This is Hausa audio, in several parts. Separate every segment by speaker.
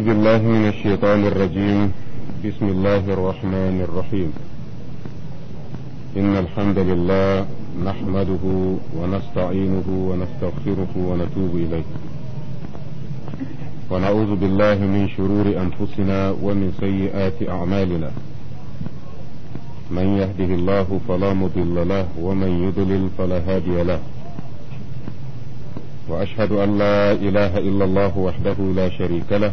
Speaker 1: أعوذ بالله من الشيطان الرجيم بسم الله الرحمن الرحيم إن الحمد لله نحمده ونستعينه ونستغفره ونتوب إليه ونعوذ بالله من شرور أنفسنا ومن سيئات أعمالنا من يهده الله فلا مضل له ومن يضلل فلا هادي له واشهد ان لا اله الا الله وحده لا شريك له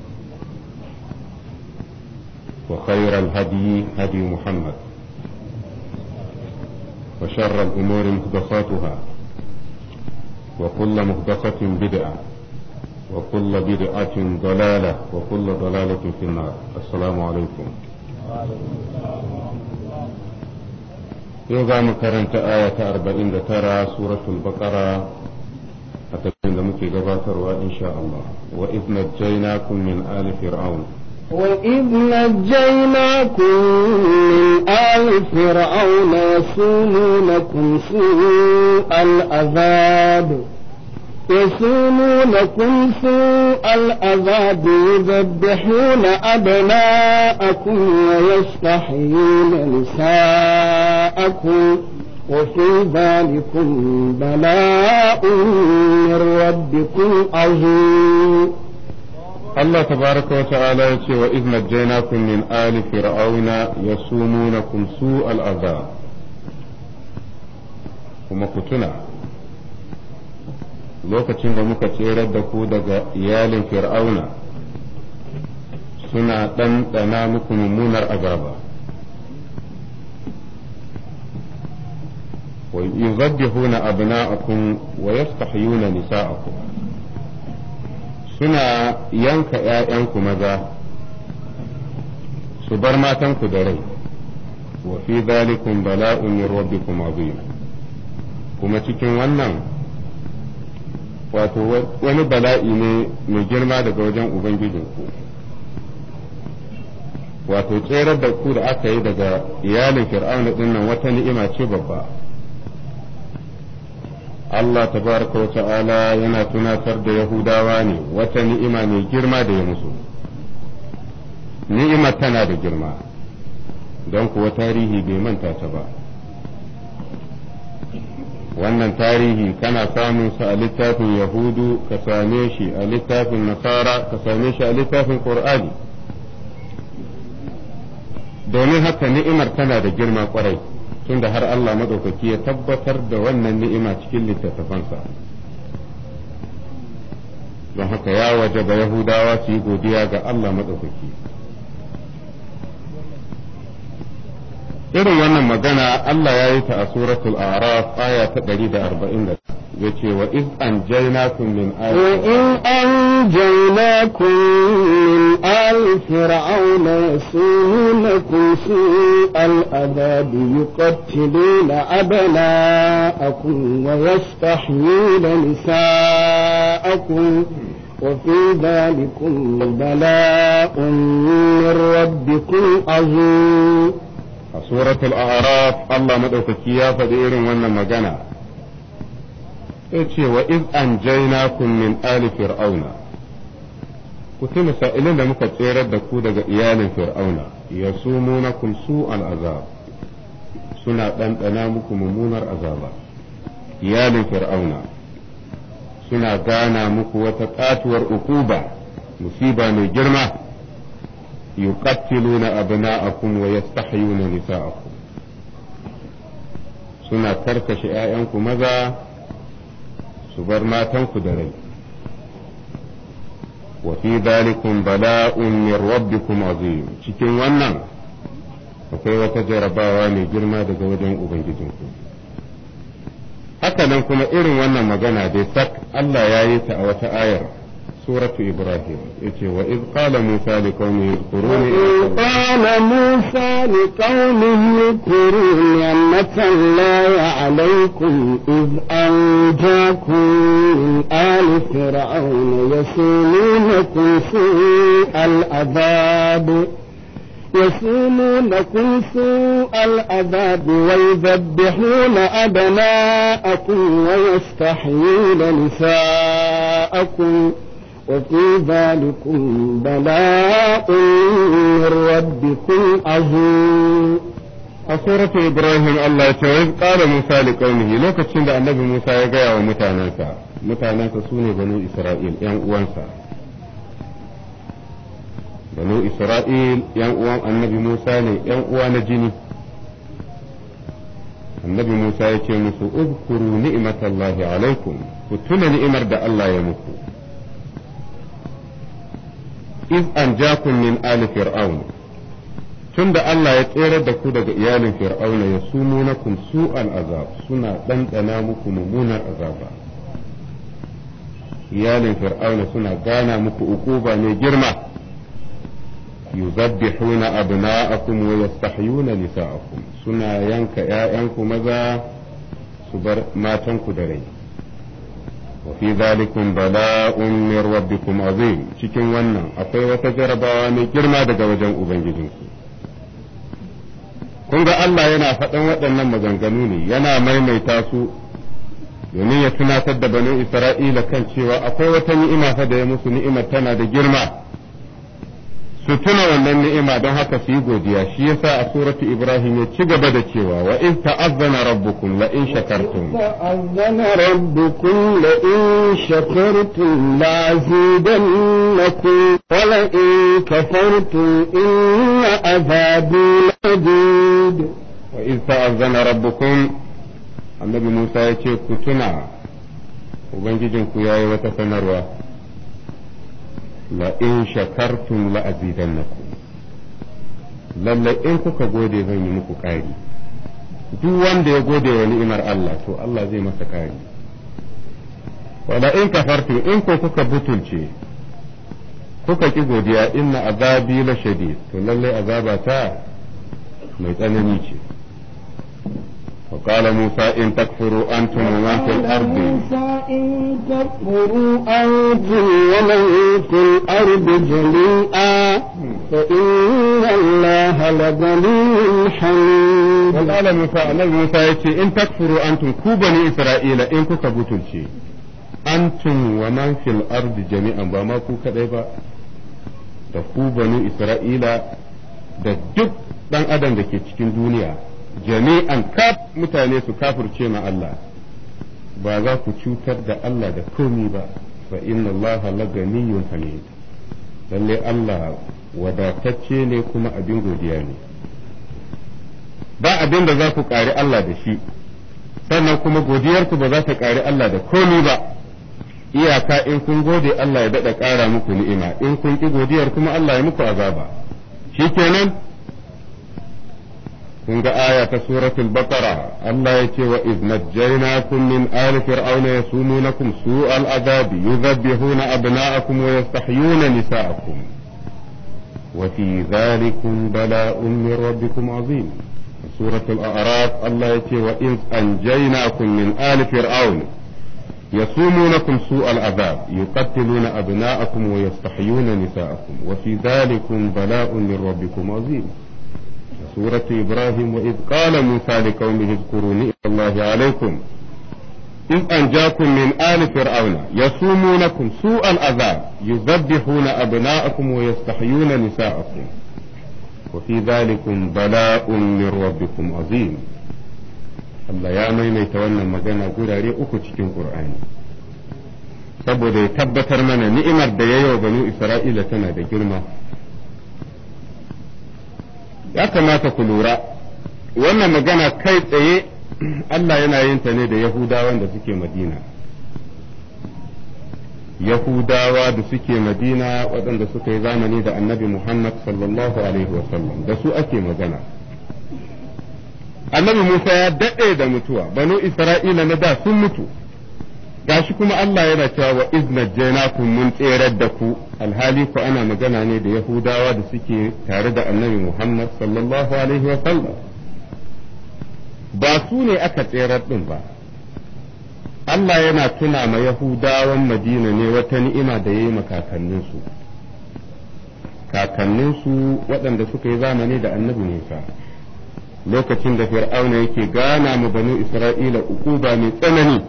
Speaker 1: وخير الهدي هدي محمد وشر الأمور مهدساتها وكل مهدسة بدعة وكل بدعة ضلالة وكل ضلالة في النار السلام عليكم يوضع مكرنة آية أربعين ترى سورة البقرة أتبين لمكي قباتر وإن شاء الله وإذ نجيناكم من آل فرعون
Speaker 2: وإذ نجيناكم من آل فرعون يسومونكم سوء العذاب يسومونكم سوء العذاب يذبحون أبناءكم ويستحيون نساءكم وفي ذلكم بلاء من ربكم عظيم
Speaker 1: Allah ta wa ta'ala ya ce wa iz najjaynakum min ali fir'auna yasumunakum su'al azab kuma ku tuna lokacin da muka tserar da ku daga iyalin fir'auna suna ɗanɗana muku mummunar azaba ويذبحون أبناءكم ويستحيون نساءكم suna yanka ‘ya'yanku maza su bar matanku da rai, wa fi zalikun bala'un min rabbikum azim kuma cikin wannan wato wani bala'i ne mai girma daga wajen Ubangijinku. Wato tsere da ku da aka yi daga iyalin fir'auna ɗin nan wata ni'ima ce babba. Allah baraka wa ta'ala yana tunatar da Yahudawa ne wata ni'ima mai girma da ya musu ni'imar tana da girma don kuwa tarihi bai manta ta ba wannan tarihi kana samun sa a littafin yahudu ka same shi a littafin nasara ka same shi a littafin Ƙur'ani domin haka ni'imar tana da girma kwarai tunda har Allah madaukaki ya tabbatar da wannan ni'ima cikin littattafansa don haka ya wajaba yahudawa su yi godiya ga Allah madaukaki irin wannan magana Allah ya yi ta a suratul araf aya ta 140 ce wa iz anjaynakum min
Speaker 2: ayati أنجيناكم من آل فرعون يسومونكم سوء العذاب يقتلون أبناءكم ويستحيون نساءكم وفي ذلكم بلاء من ربكم
Speaker 1: عظيم سورة الأعراف الله مدعوك يا فدير وانا مجانا yace أنجيناكم من آل فرعون. ku tuna da muka tserar da ku daga iyalin fir'auna ya sumo na su al'azab suna ɗanɗana muku mummunar azaba iyalin fir'auna suna gana muku wata ƙatuwar ukuba musiba mai girma yuqattiluna abna'akum wa yastahyuna nisa'akum suna karkashe ‘ya'yanku maza su bar matanku da rai wa fi dhalikum bala'un min rabbikum azim cikin wannan akwai wata jarabawa mai girma daga wajen ubangijinku haka nan kuma irin wannan magana dai sak Allah ya yi ta a wata ayar سورة إبراهيم وإذ قال موسى لقومه اذكروني
Speaker 2: قال موسى لقومه اذكروا نعمة الله عليكم إذ أنجاكم من آل فرعون يسومونكم سوء العذاب يسومونكم سوء العذاب ويذبحون أبناءكم ويستحيون نساءكم وفي ذلكم بلاء من ربكم عظيم سورة إبراهيم الله يتوعد قال موسى
Speaker 1: لقومه لو كتشند النبي موسى يقيا ومتانسا متانسا سوني بنو إسرائيل يعني أوانسا بنو إسرائيل يعني أوان النبي موسى يعني أوان uwa النبي موسى يقول musa ya ce musu uzkuru ni'matallahi alaikum ku tuna iz an jakun min ali fir'aun tunda Allah ya tsere da ku daga iyalin fir'auna ya sumu na su al azab suna ɗanɗana muku mummunar azaba iyalin fir'auna suna gana muku ukuba mai girma yuzabbihuna abna'akum wa yastahyuna nisa'akum suna yanka 'ya'yanku maza su bar matanku da rai وفي ذلك بلاء من ربكم عظيم cikin wannan akwai wata jarabawa mai girma daga wajen ubangijinku kun ga Allah yana faɗan waɗannan maganganu ne yana maimaita su domin ya tunatar da banu Isra'ila kan cewa akwai wata ni'ima fa da ya musu ni'imar tana da girma su tuna wannan ni'ima don haka su yi godiya shi yasa a suratu ibrahim ya ci gaba da cewa wa in ta'azzana rabbukum la in
Speaker 2: shakartum ta'azzana rabbukum la in shakartum la zidannakum wa la in kafartum inna azabi ladid wa in ta'azzana rabbukum
Speaker 1: annabi Musa ya ce ku tuna ubangijinku yayi wata sanarwa la'in shakartun la'azidan na ku lallai in kuka gode zan yi muku ƙari duk wanda ya gode wa ni'imar Allah to Allah zai masa ƙari wala in kafartum in ko kuka butulce kuka ki godiya inna azabi la shadid to lallai azabata mai tsanani ce وقال موسى إن تكفروا أنتم ومن في الأرض موسى
Speaker 2: إن تكفروا أنتم ومن في الأرض جميعا فإن الله لغني حميد وقال موسى النبي موسى يتي إن تكفروا
Speaker 1: أنتم كوبني إسرائيل إن كبتل شيء أنتم ومن في الأرض جميعا وما كوكا da ku bani Isra'ila da duk ɗan adam da ke cikin duniya jami'an kaf mutane su kafirce ma Allah ba za ku cutar da Allah da komi ba fa inna Allah la ganiyyun hamid lalle Allah wadatacce ne kuma abin godiya ne ba abin da za ku ƙari Allah da shi sannan kuma godiyarku ba za ta ƙari Allah da komi ba iyaka in kun gode Allah ya daɗa ƙara muku ni'ima in kun ƙi godiyar kuma Allah ya muku azaba shikenan kun ga aya ta suratul baqara Allah yake wa iz najjaynakum min ali fir'auna yasumunakum su'al azabi yudhabbihuna abna'akum wa yastahyuna nisa'akum wa fi dhalikum bala'un min rabbikum 'azim suratul a'raf Allah yake wa iz anjaynakum min ali fir'auna يصومونكم سوء العذاب يقتلون أبناءكم ويستحيون نساءكم وفي ذلكم بلاء من ربكم عظيم سورة إبراهيم وإذ قال موسى لقومه اذكروا نعمة الله عليكم إذ أنجاكم من آل فرعون يصومونكم سوء العذاب يذبحون أبناءكم ويستحيون نساءكم وفي ذلكم بلاء من ربكم عظيم الله يا ما يتولى ما كان يقول cikin Ƙur'ani saboda ya tabbatar mana ni'imar da ya yi wa banu Isra'ila tana ya kamata ku lura wannan magana kai tsaye Allah yana yin ta ne da Yahudawa da suke Madina Yahudawa da suke Madina waɗanda suka yi zamani da annabi Muhammad sallallahu Alaihi sallam da su ake magana annabi Musa ya daɗe da mutuwa banu Isra'ila na da sun mutu gashi kuma Allah yana cewa wa izna jainakum mun tserar da ku alhali ku ana magana ne da yahudawa da suke tare da annabi Muhammad sallallahu alaihi wa sallam ba su ne aka tserar din ba Allah yana tuna ma yahudawan Madina ne wata ni'ima da yayi makakanninsu kakanninsu waɗanda suka yi zamani da annabi Musa lokacin da fir'auna yake gana mu banu Isra'ila uku ba mai tsanani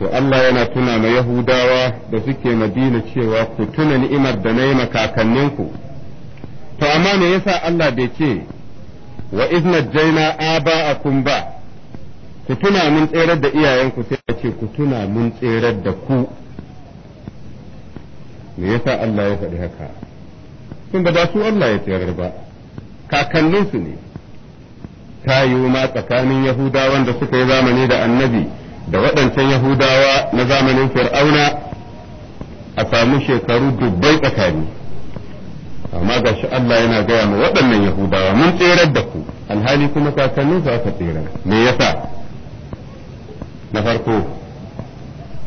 Speaker 1: to Allah yana tuna ma Yahudawa da suke Madina cewa ku tuna ni'imar da na yi makakanninku to amma me yasa Allah bai ce wa izna jaina aba'akum ba ku tuna mun tserar da iyayenku sai ya ce ku tuna mun tserar da ku me yasa Allah ya faɗi haka tun da ba su Allah ya tserar ba kakanninsu ne ta yiwu ma tsakanin Yahudawan da suka yi zamani da annabi da waɗancan yahudawa na zamanin fir'auna a samu shekaru dubbai tsakani amma ga shi Allah yana gaya ma waɗannan yahudawa mun tserar da ku alhali kuma kakannin za ka tsera me yasa na farko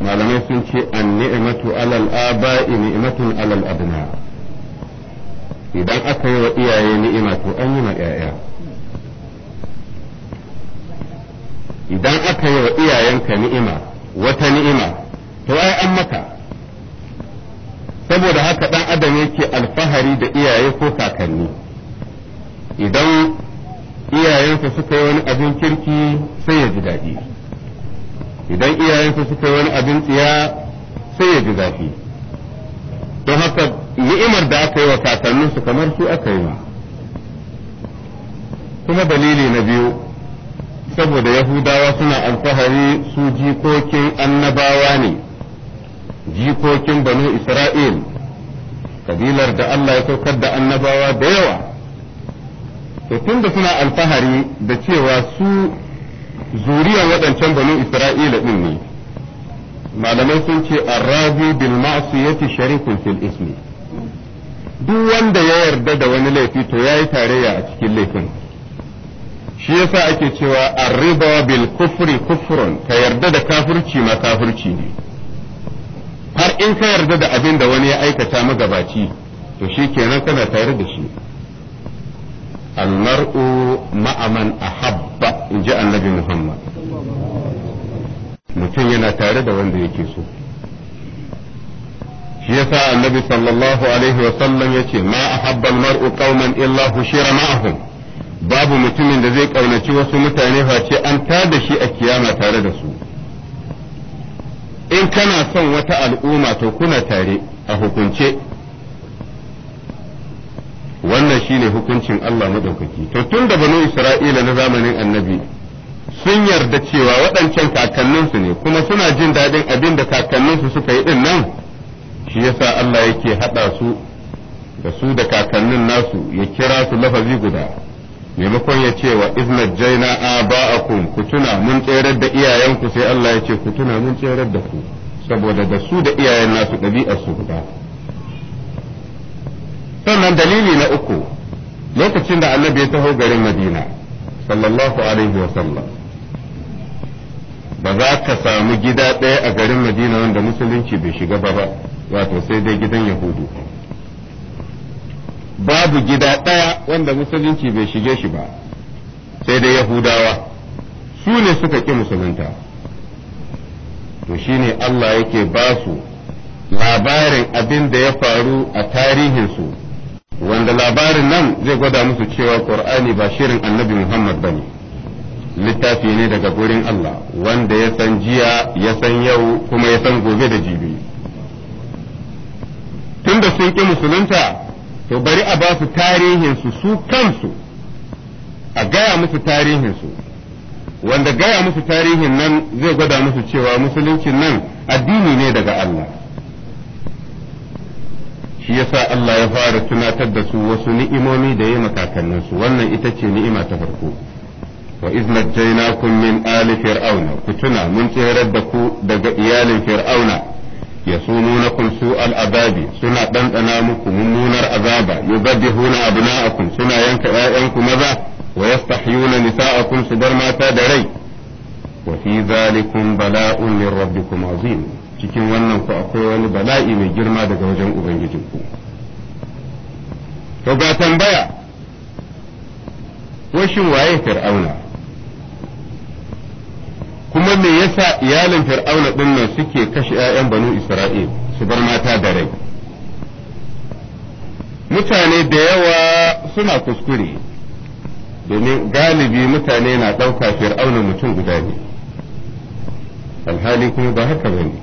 Speaker 1: malamai sun ce an ni'matu alal aba'i ni'matun alal abna idan aka yi wa iyaye ni'ima to an yi ma 'ya'ya idan aka yi wa iyayenka ni'ima wata ni'ima to ai an maka saboda haka dan adam yake alfahari da iyaye ko kakanni idan iyayensa suka yi wani abin kirki sai ya ji daɗi idan iyayensa suka yi wani abin tsiya sai ya ji zafi don haka ni'imar da aka yi wa kakanninsu kamar su aka yi ma kuma dalili na biyu saboda yahudawa suna alfahari su jikokin annabawa ne jikokin banu isra'il kabilar da Allah ya saukar da annabawa da yawa to tunda suna alfahari da cewa su zuriyar waɗancan banu isra'ila ɗin ne malamai sun ce arrabi bil ma'siyati sharikun fil ismi duk wanda ya yarda da wani laifi to yayi tarayya a cikin laifin shi yasa ake cewa arriba bil kufri kufrun ka yarda da kafirci ma kafirci ne har in ka yarda da abin da wani ya aikata magabaci to shi kenan kana tare da shi almar'u ma'aman ahabba in ji annabi muhammad mutum yana tare da wanda yake so shi yasa annabi sallallahu alaihi wasallam ya ce ma ahabba almar'u qauman illa hushira ma'ahum babu mutumin da zai ƙaunaci wasu mutane face an da shi a kiyama tare da su in kana son wata al'umma to kuna tare a hukunce wannan shine hukuncin Allah madaukaki to tun da banu Isra'ila na zamanin annabi sun yarda cewa waɗancan kakanninsu ne kuma suna jin daɗin abin da kakanninsu suka yi ɗin nan shi yasa Allah yake haɗa su da su da kakannin nasu ya kira su lafazi guda maimakon ya ce wa iznat jaina aba'akum ku tuna mun tserar da iyayenku sai Allah ya ce ku tuna mun tserar da ku saboda da su da iyayen nasu ɗabi'ar su guda sannan dalili na uku lokacin da annabi ya taho garin madina sallallahu alaihi wa sallam ba za ka samu gida ɗaya a garin madina wanda musulunci bai shiga ba ba wato sai dai gidan yahudu babu gida ɗaya wanda musulunci bai shige shi ba sai da yahudawa su ne suka ƙi musulunta to shine Allah yake ba su labarin abin da ya faru a tarihinsu wanda labarin nan zai gwada musu cewa ƙur'ani ba shirin annabi Muhammad ba ne littafi ne daga gurin Allah wanda ya san jiya ya san yau kuma ya san gobe da jibi tunda sun ƙi musulunta to bari a ba su tarihinsu su kansu a gaya musu tarihinsu wanda gaya musu tarihin nan zai gwada musu cewa musuluncin nan addini ne daga Allah shi yasa Allah ya fara tunatar da su wasu ni'imomi da ya makakanninsu wannan ita ce ni'ima ta farko wa iznajjainakum min ali fir'auna ku tuna mun tsere da ku daga iyalin fir'auna ya sununakum su'al azabi suna ɗanɗana muku mummunar azaba yubaddihuna abna'akum suna yanka ƴaƴanku maza wa yastahyuna nisa'akum su bar mata da rai wa fi zalikum bala'un min rabbikum cikin wannan ku akwai wani bala'i mai girma daga wajen ubangijinku to ga tambaya ko shin waye fir'auna kuma me yasa iyalin fir'auna din nan suke kashe 'ya'yan banu isra'il su bar mata da rai mutane da yawa suna kuskure domin galibi mutane na ɗauka fir'auna mutum guda ne alhali kuma ba haka ba ne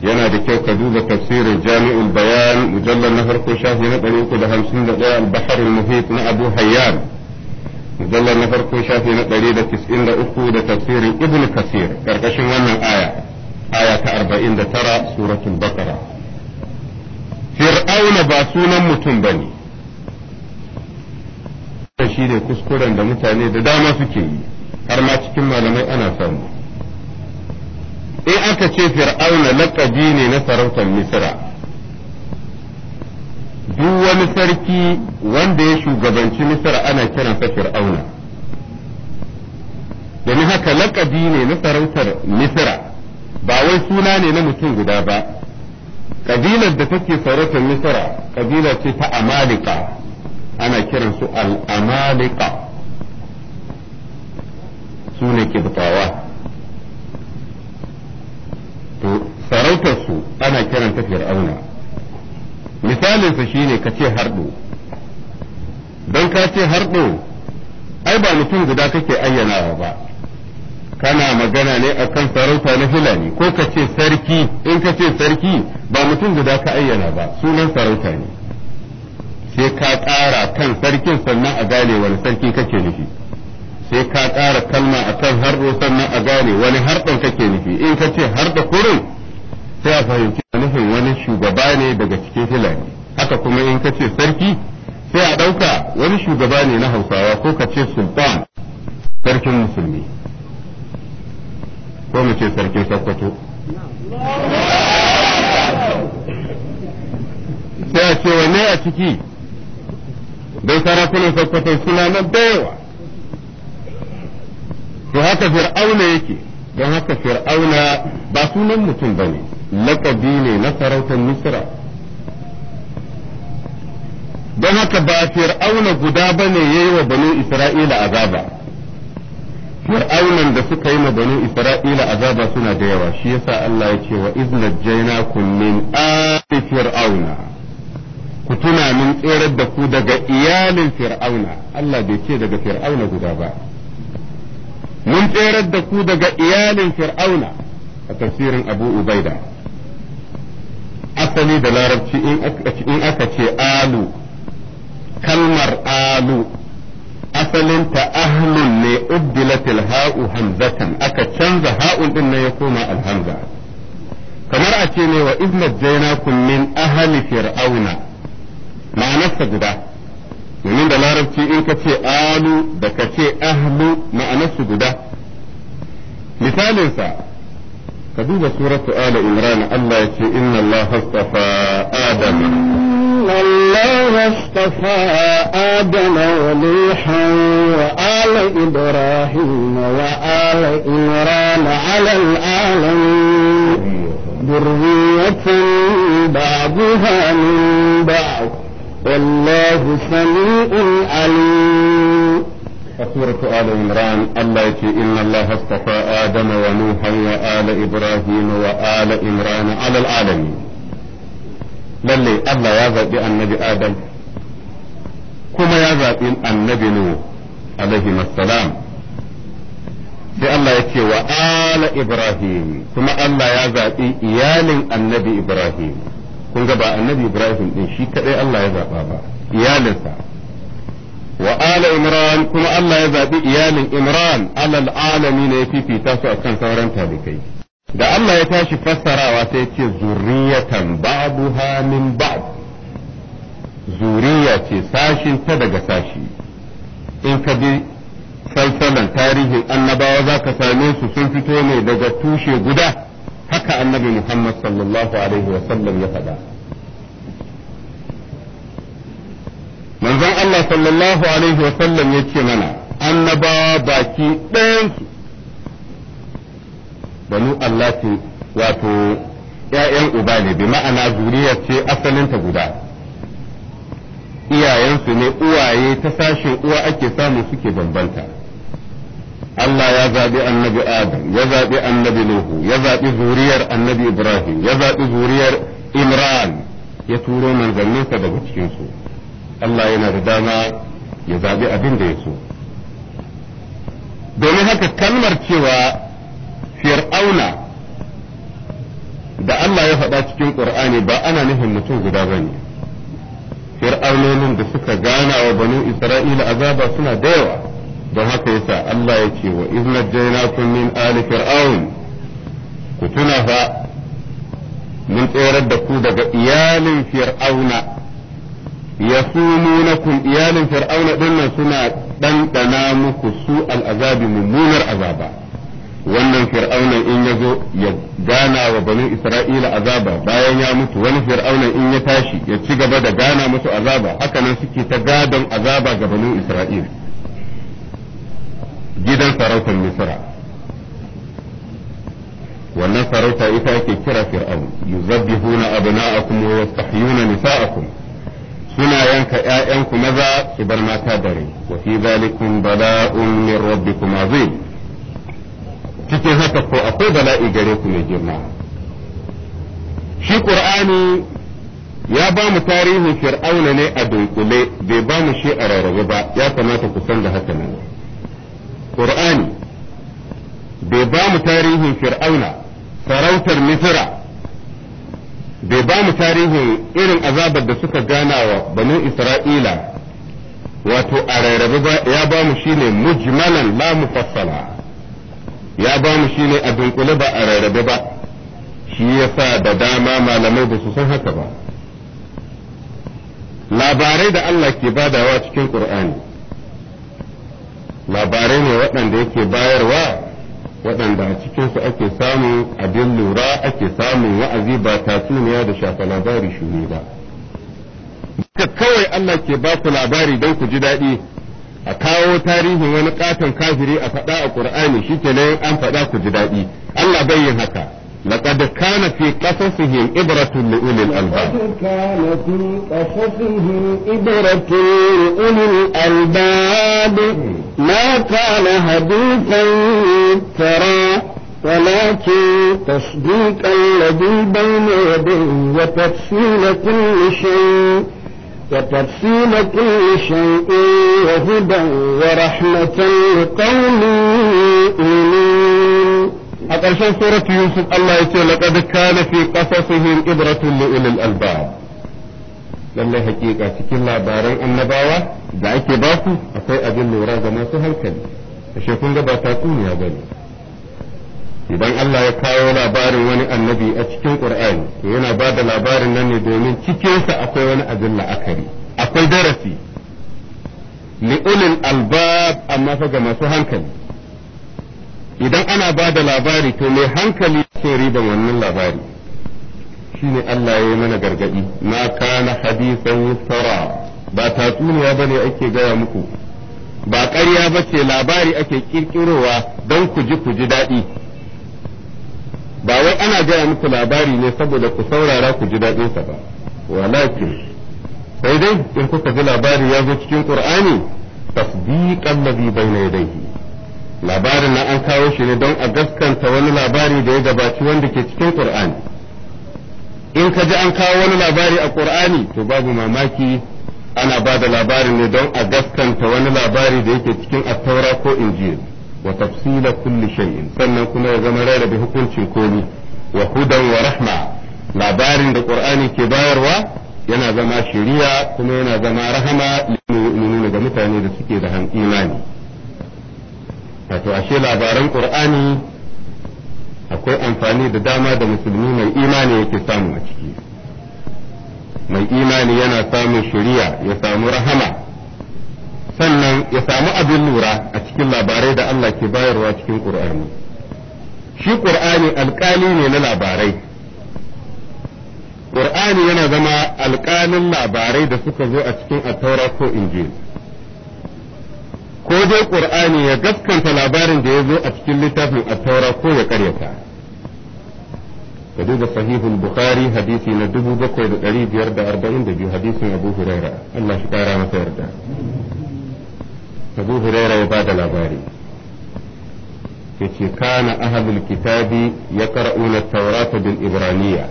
Speaker 1: yana da kyau ka duba tafsirin jami'ul bayan mujallar na farko shafi na ɗari uku da hamsin da al-bahar muhit na abu hayyan mujallar na farko shafi na ɗari da tis'in da uku da tafsirin ibn kasir ƙarƙashin wannan aya aya ta arba'in da tara suratul baqara fir'auna ba sunan mutum ba ne shi ne kuskuren da mutane da dama suke yi har ma cikin malamai ana samu in aka ce fir'auna laƙabi ne na sarautar misira duk wani sarki wanda ya shugabanci misar ana sa fir'auna domin haka laƙabi ne na sarautar misra ba wai suna ne na mutum guda ba ƙabilar da take sarautar misra ƙabila ce ta amalika ana al-Amalika su ne kibtawa to sarautarsu ana kiran kiranta fir'auna misalinsa shine ka ce harɗo don ka ce harɗo ai ba mutum guda kake ayyanawa ba kana magana ne akan sarauta na filani ko ka ce sarki in ka ce sarki ba mutum guda ka ayyana ba sunan sarauta ne sai ka ƙara kan sarkin sannan a gane wani sarki kake nufi sai ka ƙara kalma akan harɗo sannan a gane wani harɗon kake nufi in ka ce harɗo kurin sai a fahimci nufin wani shugaba ne daga cikin filani haka kuma in ka ce sarki sai a ɗauka wani shugaba ne na hausawa ko ka ce sultan sarkin musulmi ko mu ce sarkin sakkwato sai a ce wane a ciki don sarakunan sakkwato suna nan da yawa to haka fir'auna yake don haka fir'auna ba sunan mutum ba ne laƙabi ne na sarautar misra don haka ba fir'auna guda ba ne ya yi wa banin isra'ila azaba fir'aunan da suka yi ma banin isra'ila azaba suna da yawa shi yasa Allah ya ce wa izna jaina min ali fir'auna ku tuna min tserar da ku daga iyalin fir'auna Allah bai ce daga fir'auna guda ba mun tserar da ku daga iyalin fir'auna a tafsirin abu ubaida asali da larabci in aka ce alu kalmar alu asalinta ahlun ne ubdilatil ha'u hamzatan aka canza ha'un din na ya koma alhamza kamar a ce ne wa iznat jainakum min ahli fir'auna ma'anarsa guda domin da larabci in ka ce alu da ka ce ahlu ma'anarsu guda misalinsa فدوب سورة آل
Speaker 2: عمران الله يتي إن الله اصطفى آدم إن الله اصطفى آدم وليحا وآل إبراهيم وآل عمران على العالمين ذرية بعضها من بعض والله سميع عليم سورة آل عمران
Speaker 1: الله يتي إن الله اصطفى آدم ونوحا وآل إبراهيم وآل عمران على العالمين lalle Allah ya zaɓi annabi Adam kuma ya zaɓi annabi Nuhu alaihi salam sai Allah ya ce wa Ibrahim kuma Allah ya zaɓi iyalin annabi Ibrahim kun ga ba annabi Ibrahim ɗin shi kaɗai Allah ya zaɓa ba iyalinsa wa ala kuma Allah ya zaɓi iyalin imran alal alami ne ya fifita su akan sauran talikai da Allah ya tashi fassarawa sai ce zuriyatan ba'duha min ba'd zuriya ce sashin ta daga sashi in ka bi salsalan tarihin annabawa za ka same su sun fito ne daga tushe guda haka annabi Muhammad sallallahu alaihi wa sallam ya faɗa manzon Allah sallallahu alaihi wa sallam ya ce mana annabawa baki ɗayansu banu Allah ce wato ‘ya'yan uba ne bi ma'ana zuriyar ce asalinta guda iyayensu ne uwaye ta sashen uwa ake samu suke bambanta Allah ya zaɓi annabi Adam ya zaɓi annabi Nuhu ya zaɓi zuriyar annabi Ibrahim ya zaɓi zuriyar Imran ya turo manzanninsa daga cikinsu Allah yana da dama ya zaɓi abin da ya so domin haka kalmar cewa fir'auna da Allah ya faɗa cikin ƙur'ani ba ana nufin mutum guda ba ne fir'aunonin da suka gana wa banu isra'ila azaba suna da yawa don haka yasa Allah ya ce wa iznar jaina min ali fir'aun ku tuna fa mun tserar da ku daga iyalin fir'auna yasumunakum iyalin fir'auna dinnan suna ɗanɗana muku su al'azabi mummunar azaba wannan fir'auna in ya zo ya gana wa bani isra'ila azaba bayan ya mutu wani fir'auna in ya tashi ya ci gaba da gana musu azaba haka nan suke ta gadon azaba ga bani isra'ila gidan sarautar misra wannan sarauta ita ake kira fir'aun yuzabbihuna abna'akum wa yastahyuna nisa'akum kuna yanka ‘ya'yanku maza su bar mata dare, wa fi zalikun bala'un min rabbikum azim cikin haka ko akwai bala'i gare ku mai girma. Shi Ƙur'ani ya ba mu tarihin fir'auna ne a dunkule bai ba mu shi a rarrabe ba ya kamata ku san da haka nan. Ƙur'ani bai ba mu tarihin fir'auna sarautar Misira bai ba mu tarihin irin azabar da suka gana wa banu isra'ila wato a rarrabe ya ba mu shine mujmalan la mufassala ya ba mu shine a dunkule ba a rarrabe ba shi yasa da dama malamai ba su san haka ba labarai da Allah ke badawa cikin ƙur'ani labarai ne waɗanda yake bayarwa waɗanda a cikinsu ake samun abin lura ake samun wa'azi ba tatsuniya da shafa labari shuni ba ka kawai Allah ke ba ku labari don ku ji daɗi a kawo tarihin wani ƙaton kafiri a faɗa a ƙur'ani shi kenan an faɗa ku ji daɗi Allah bai yi haka لقد كان في قصصهم إبرة لأولي الألباب
Speaker 2: لقد كان في قصصهم إبرة لأولي الألباب ما كان حديثا ترى ولكن تصديق الذي بين يديه وتفصيل كل شيء وتفصيل كل شيء وهدى ورحمة لقوم يؤمنون a ƙarshen suratu yusuf Allah ya ce laqad kana
Speaker 1: fi qasasihim ibratun li ulil albab lallai hakika cikin labaran annabawa da ake ba su akwai abin lura ga masu hankali ashe kun ga ba tatsuniya bane idan Allah ya kawo labarin wani annabi a cikin Qur'ani to yana ba da labarin nan ne domin cikinsa akwai wani abin la'akari akwai darasi li ulil albab amma fa ga masu hankali idan ana ba da labari to mai hankali ke riban wannan labari shine Allah ya yi mana gargadi na kana hadisan yuftara ba tatsuniya bane ake gaya muku ba ƙarya ba ce labari ake ƙirƙirowa don ku ji ku ji daɗi ba wai ana gaya muku labari ne saboda ku saurara ku ji daɗinsa ba walakin sai dai in kuka ji labari ya zo cikin ƙur'ani tasdiqan ladhi bayna yadayhi labarin na an kawo shi ne don a gaskanta wani labari da ya gabaci wanda ke cikin Qur'ani in ka ji an kawo wani labari a Qur'ani to babu mamaki ana ba da labarin ne don a gaskanta wani labari da yake cikin attaura ko injil wa tafsila kulli shay'in sannan kuma ya zama rarrabe hukuncin komi wa hudan wa rahma labarin da Qur'ani ke bayarwa yana zama shari'a kuma yana zama rahama ga mutane da suke da imani wato ashe labaran qur'ani akwai amfani da dama da musulmi mai imani yake samu a ciki mai imani yana samun shari'a ya samu rahama sannan ya samu abin lura a cikin labarai da Allah ke bayarwa cikin qur'ani shi qur'ani alƙali ne na labarai Qur'ani yana zama alƙalin labarai da suka zo a cikin attaura ko injil ko dai qur'ani ya gaskanta labarin da ya zo a cikin littafin at ko ya karyata ka duba sahihul bukhari hadisi na 7542 hadisin abu huraira Allah shi kara masa yarda abu huraira ya bada labari yace kana ahlul kitabi yaqra'una na taurata bil ibraniyya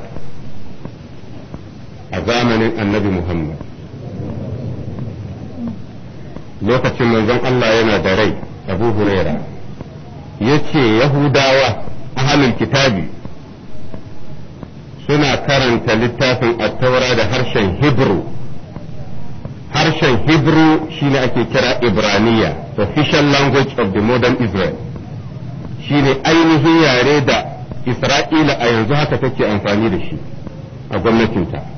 Speaker 1: a zamanin annabi muhammad lokacin manzon Allah yana da rai abu huraira yace yahudawa ahlul kitabi suna karanta littafin attaura da harshen hebrew harshen hebrew shine ake kira ibraniya the official language of the modern israel shine ainihin yare da isra'ila a yanzu haka take amfani da shi a gwamnatinta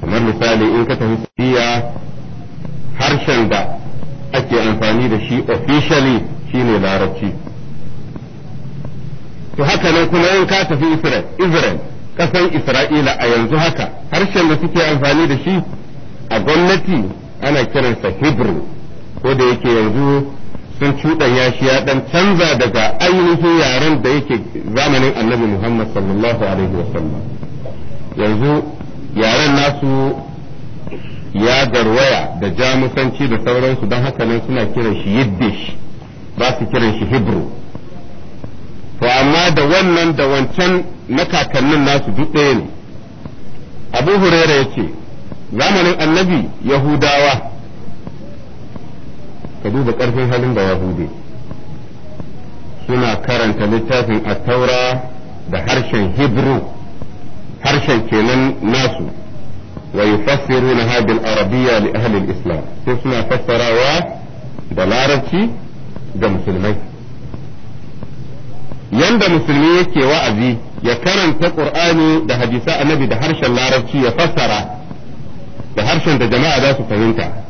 Speaker 1: kamar misali in ka tafi Saudiya harshen da ake amfani da shi officially shine larabci to haka nan kuma in ka tafi Israel Israel kasan Isra'ila a yanzu haka harshen da suke amfani da shi a gwamnati ana kiransa Hebrew ko da yake yanzu sun cuɗanya shi ya ɗan canza daga ainihin yaren da yake zamanin annabi Muhammad sallallahu alaihi wasallam yanzu yaren nasu ya garwaya da jamusanci da sauransu don haka nan suna kiran shi yiddish ba su kiran shi hebrew to amma da wannan da wancan na kakannin nasu duk ɗaya ne abu huraira ya ce zamanin annabi yahudawa ka duba ƙarfin halin da yahudi suna karanta littafin a taura da harshen hebrew harshen kenan nasu wa yufassiruna na al Arabiya li ahlil islam sai suna fassarawa da larabci ga musulmai yanda musulmi yake wa'azi ya karanta qur'ani da hadisa annabi da harshen larabci ya fassara da harshen da jama'a za su fahimta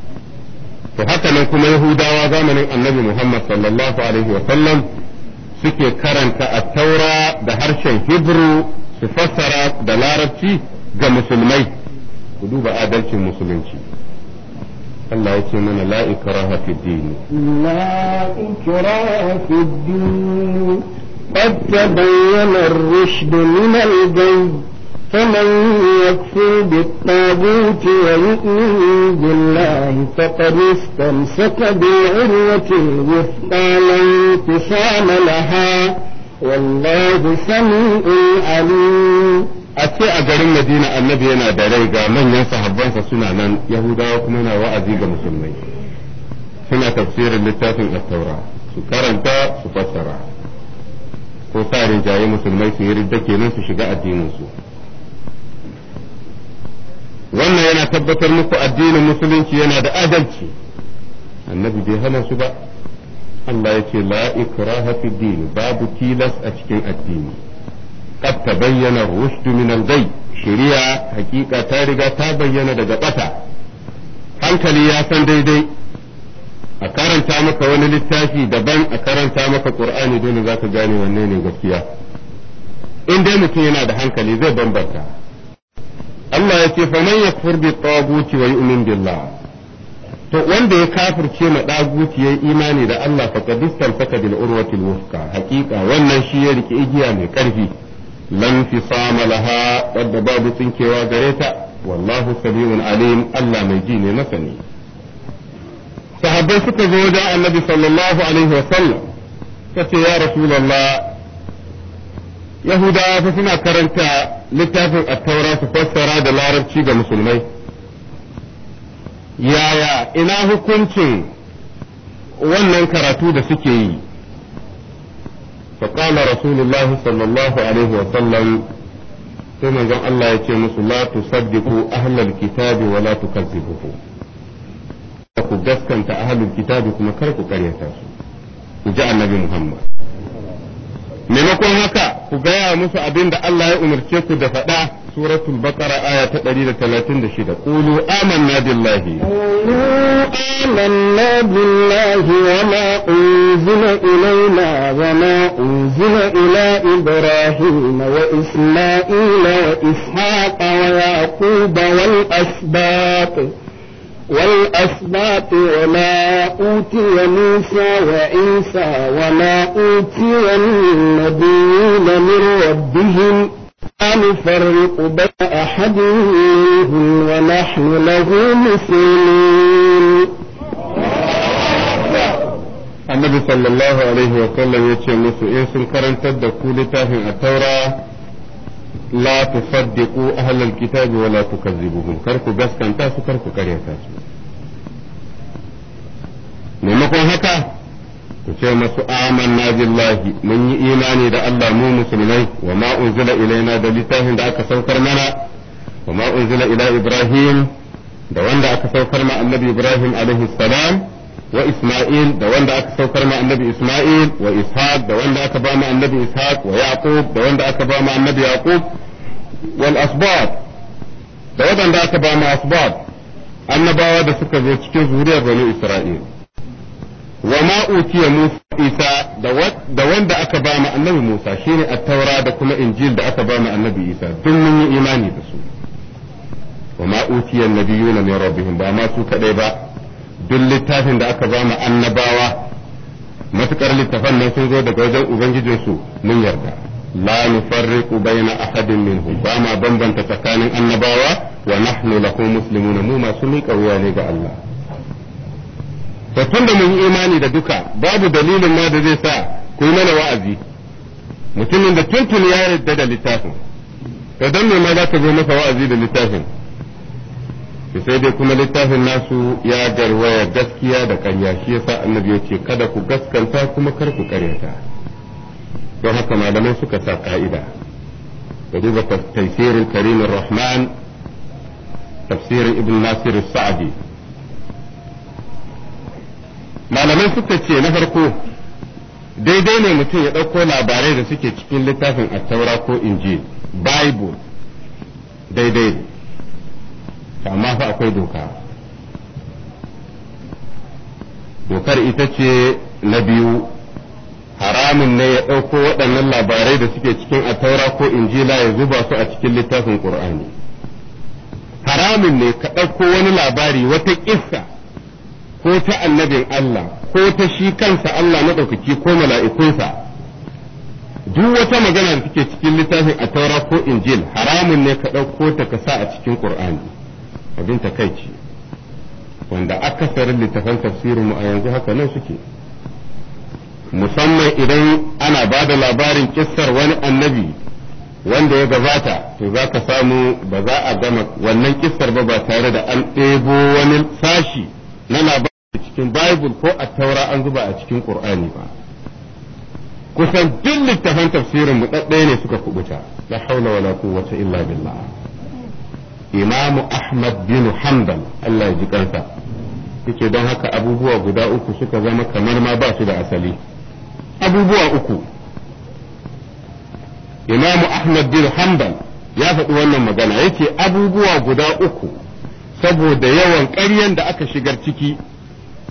Speaker 1: to haka nan kuma yahudawa zamanin annabi muhammad sallallahu alaihi wa sallam suke karanta at-taura da harshen hibru تفسر دلارتي كمسلمي قلوب أدلتي المسلمين الله يتمنى لا إكراه في الدين
Speaker 2: لا إكراه في الدين قد تبين الرشد من الجن فمن يكفر بالطاغوت ويؤمن بالله فقد استمسك بالعروة الوثقى لا انفصام لها wallahu sami'un alim
Speaker 1: a ce a garin Madina annabi yana da rai ga manyan sahabbansa suna nan Yahudawa kuma na wa'azi ga musulmai suna tafsirin littafin at-taura su karanta su fassara ko sa rinjaye musulmai su yi ridda nan su shiga addinin su wannan yana tabbatar muku addinin musulunci yana da adalci annabi bai hana su ba Allah yake la ikraha fi din babu tilas a cikin addini qad tabayyana rushd min al-ghay shari'a hakika ta riga ta bayyana daga bata hankali ya san daidai a karanta maka wani littafi daban a karanta maka qur'ani dole zaka gane wanne ne gaskiya in dai mutum yana da hankali zai bambanta Allah ya ce faman yakfur bi taguti wa yu'min billah to wanda ya kafirce ma daguti yayi imani da Allah faqad istamsaka bil urwatil wuthqa haƙiƙa wannan shi ya rike igiya mai karfi lan fisama laha wadda babu tsinkewa gare ta wallahu samiun alim Allah mai ji ne masani sahabbai suka zo wajen annabi sallallahu alaihi wa sallam kace ya rasulullah yahuda fa suna karanta littafin at-taura su fassara da larabci ga musulmai yaya ina hukuncin wannan karatu da suke yi فقال رسول الله صلى الله عليه وسلم ثم قال الله يتيمس لا تصدقوا أهل الكتاب ولا تكذبوه gaskanta ahalul kitabi kuma kar ku karyata su annabi Muhammad maimakon haka ku gaya musu abinda Allah ya umarce ku da faɗa suratul baqara aya ta 136 qulu
Speaker 2: amanna billahi qulu amanna billahi wa ma unzila ilayna wa ma unzila ila ibrahim wa isma'ila wa ishaqa wa yaquba wal asbat والأسباط وما أوتي موسى وعيسى وما أوتي النبيون من ربهم لا نفرق بين أحد منهم ونحن له مسلمون
Speaker 1: النبي صلى الله عليه وسلم يتشمس musu in sun karantar da la tusaddiqu ahlal kitabi wa la tukazzibuhum kar ku gaskanta su kar ku karyata su maimakon haka ku ce masu amanna billahi mun yi imani da Allah mu musulmai wa ma ilaina da littafin da aka saukar mana wa ma ila ibrahim da wanda aka saukar ma annabi ibrahim alaihi wa Isma'il da wanda aka saukar ma annabi Isma'il wa Ishaq da wanda aka ba ma annabi Ishaq wa Yaqub da wanda aka ba ma annabi Yaqub wal da wadanda aka ba ma asbab annabawa da suka zo cikin zuriyar bani Isra'il wa ma Musa Isa da wanda aka ba ma annabi Musa shine at-taura da kuma injil da aka ba ma annabi Isa duk mun yi imani da su wa ma na an ba ma su ba duk littafin da aka bama annabawa matukar littafan nan sun zo daga wajen ubangijinsu mun yarda la nufarriqu baina ahadin minhum ba ma bambanta tsakanin annabawa wa nahnu lahu muslimun mu masu miƙa wuya ne ga Allah to tunda mun yi imani da duka babu dalilin ma da zai sa ku yi mana wa'azi mutumin da tuntun ya yarda da littafin to dan me ma za ka zo masa wa'azi da littafin sai dai kuma littafin nasu ya garwaya gaskiya da ƙarya shi yasa annabi ya ce kada ku gaskanta kuma kar ku ƙaryata don haka malamai suka sa ka'ida da duba tafsirin karimin rahman tafsirin ibn nasir sa'adi malamai suka ce na farko daidai ne mutum ya ɗauko labarai da suke cikin littafin attaura ko injil bible daidai amma fa akwai doka dokar ita ce na biyu haramun ne ya ɗauko waɗannan labarai da suke cikin taura ko injila ya zuba su a cikin littafin ƙur'ani haramun ne ka ɗauko wani labari wata ƙissa ko ta annabin Allah ko ta shi kansa Allah na ɗaukaki ko mala'ikunsa duk wata magana da suke cikin littafin taura ko injil haramun ne ka ɗauko ta ka sa a cikin ƙur'ani abin takaici wanda akasarin littafan tafsirin mu a yanzu haka nan suke musamman idan ana ba da labarin kissar wani annabi wanda ya gabata to za ka samu ba za a gama wannan kissar ba ba tare da an ɗebo wani sashi na labarin cikin bible ko a taura an zuba a cikin ƙur'ani ba kusan duk littafan tafsirin mu ɗaɗɗaya ne suka kubuta la haula wala quwwata illa billah imamu ahmad bin hanbal Allah ya ji kansa yake don haka abubuwa guda uku suka zama kamar ma ba su da asali abubuwa uku imamu ahmad bin hanbal ya faɗi wannan magana yake abubuwa guda uku saboda yawan ƙaryan da aka shigar ciki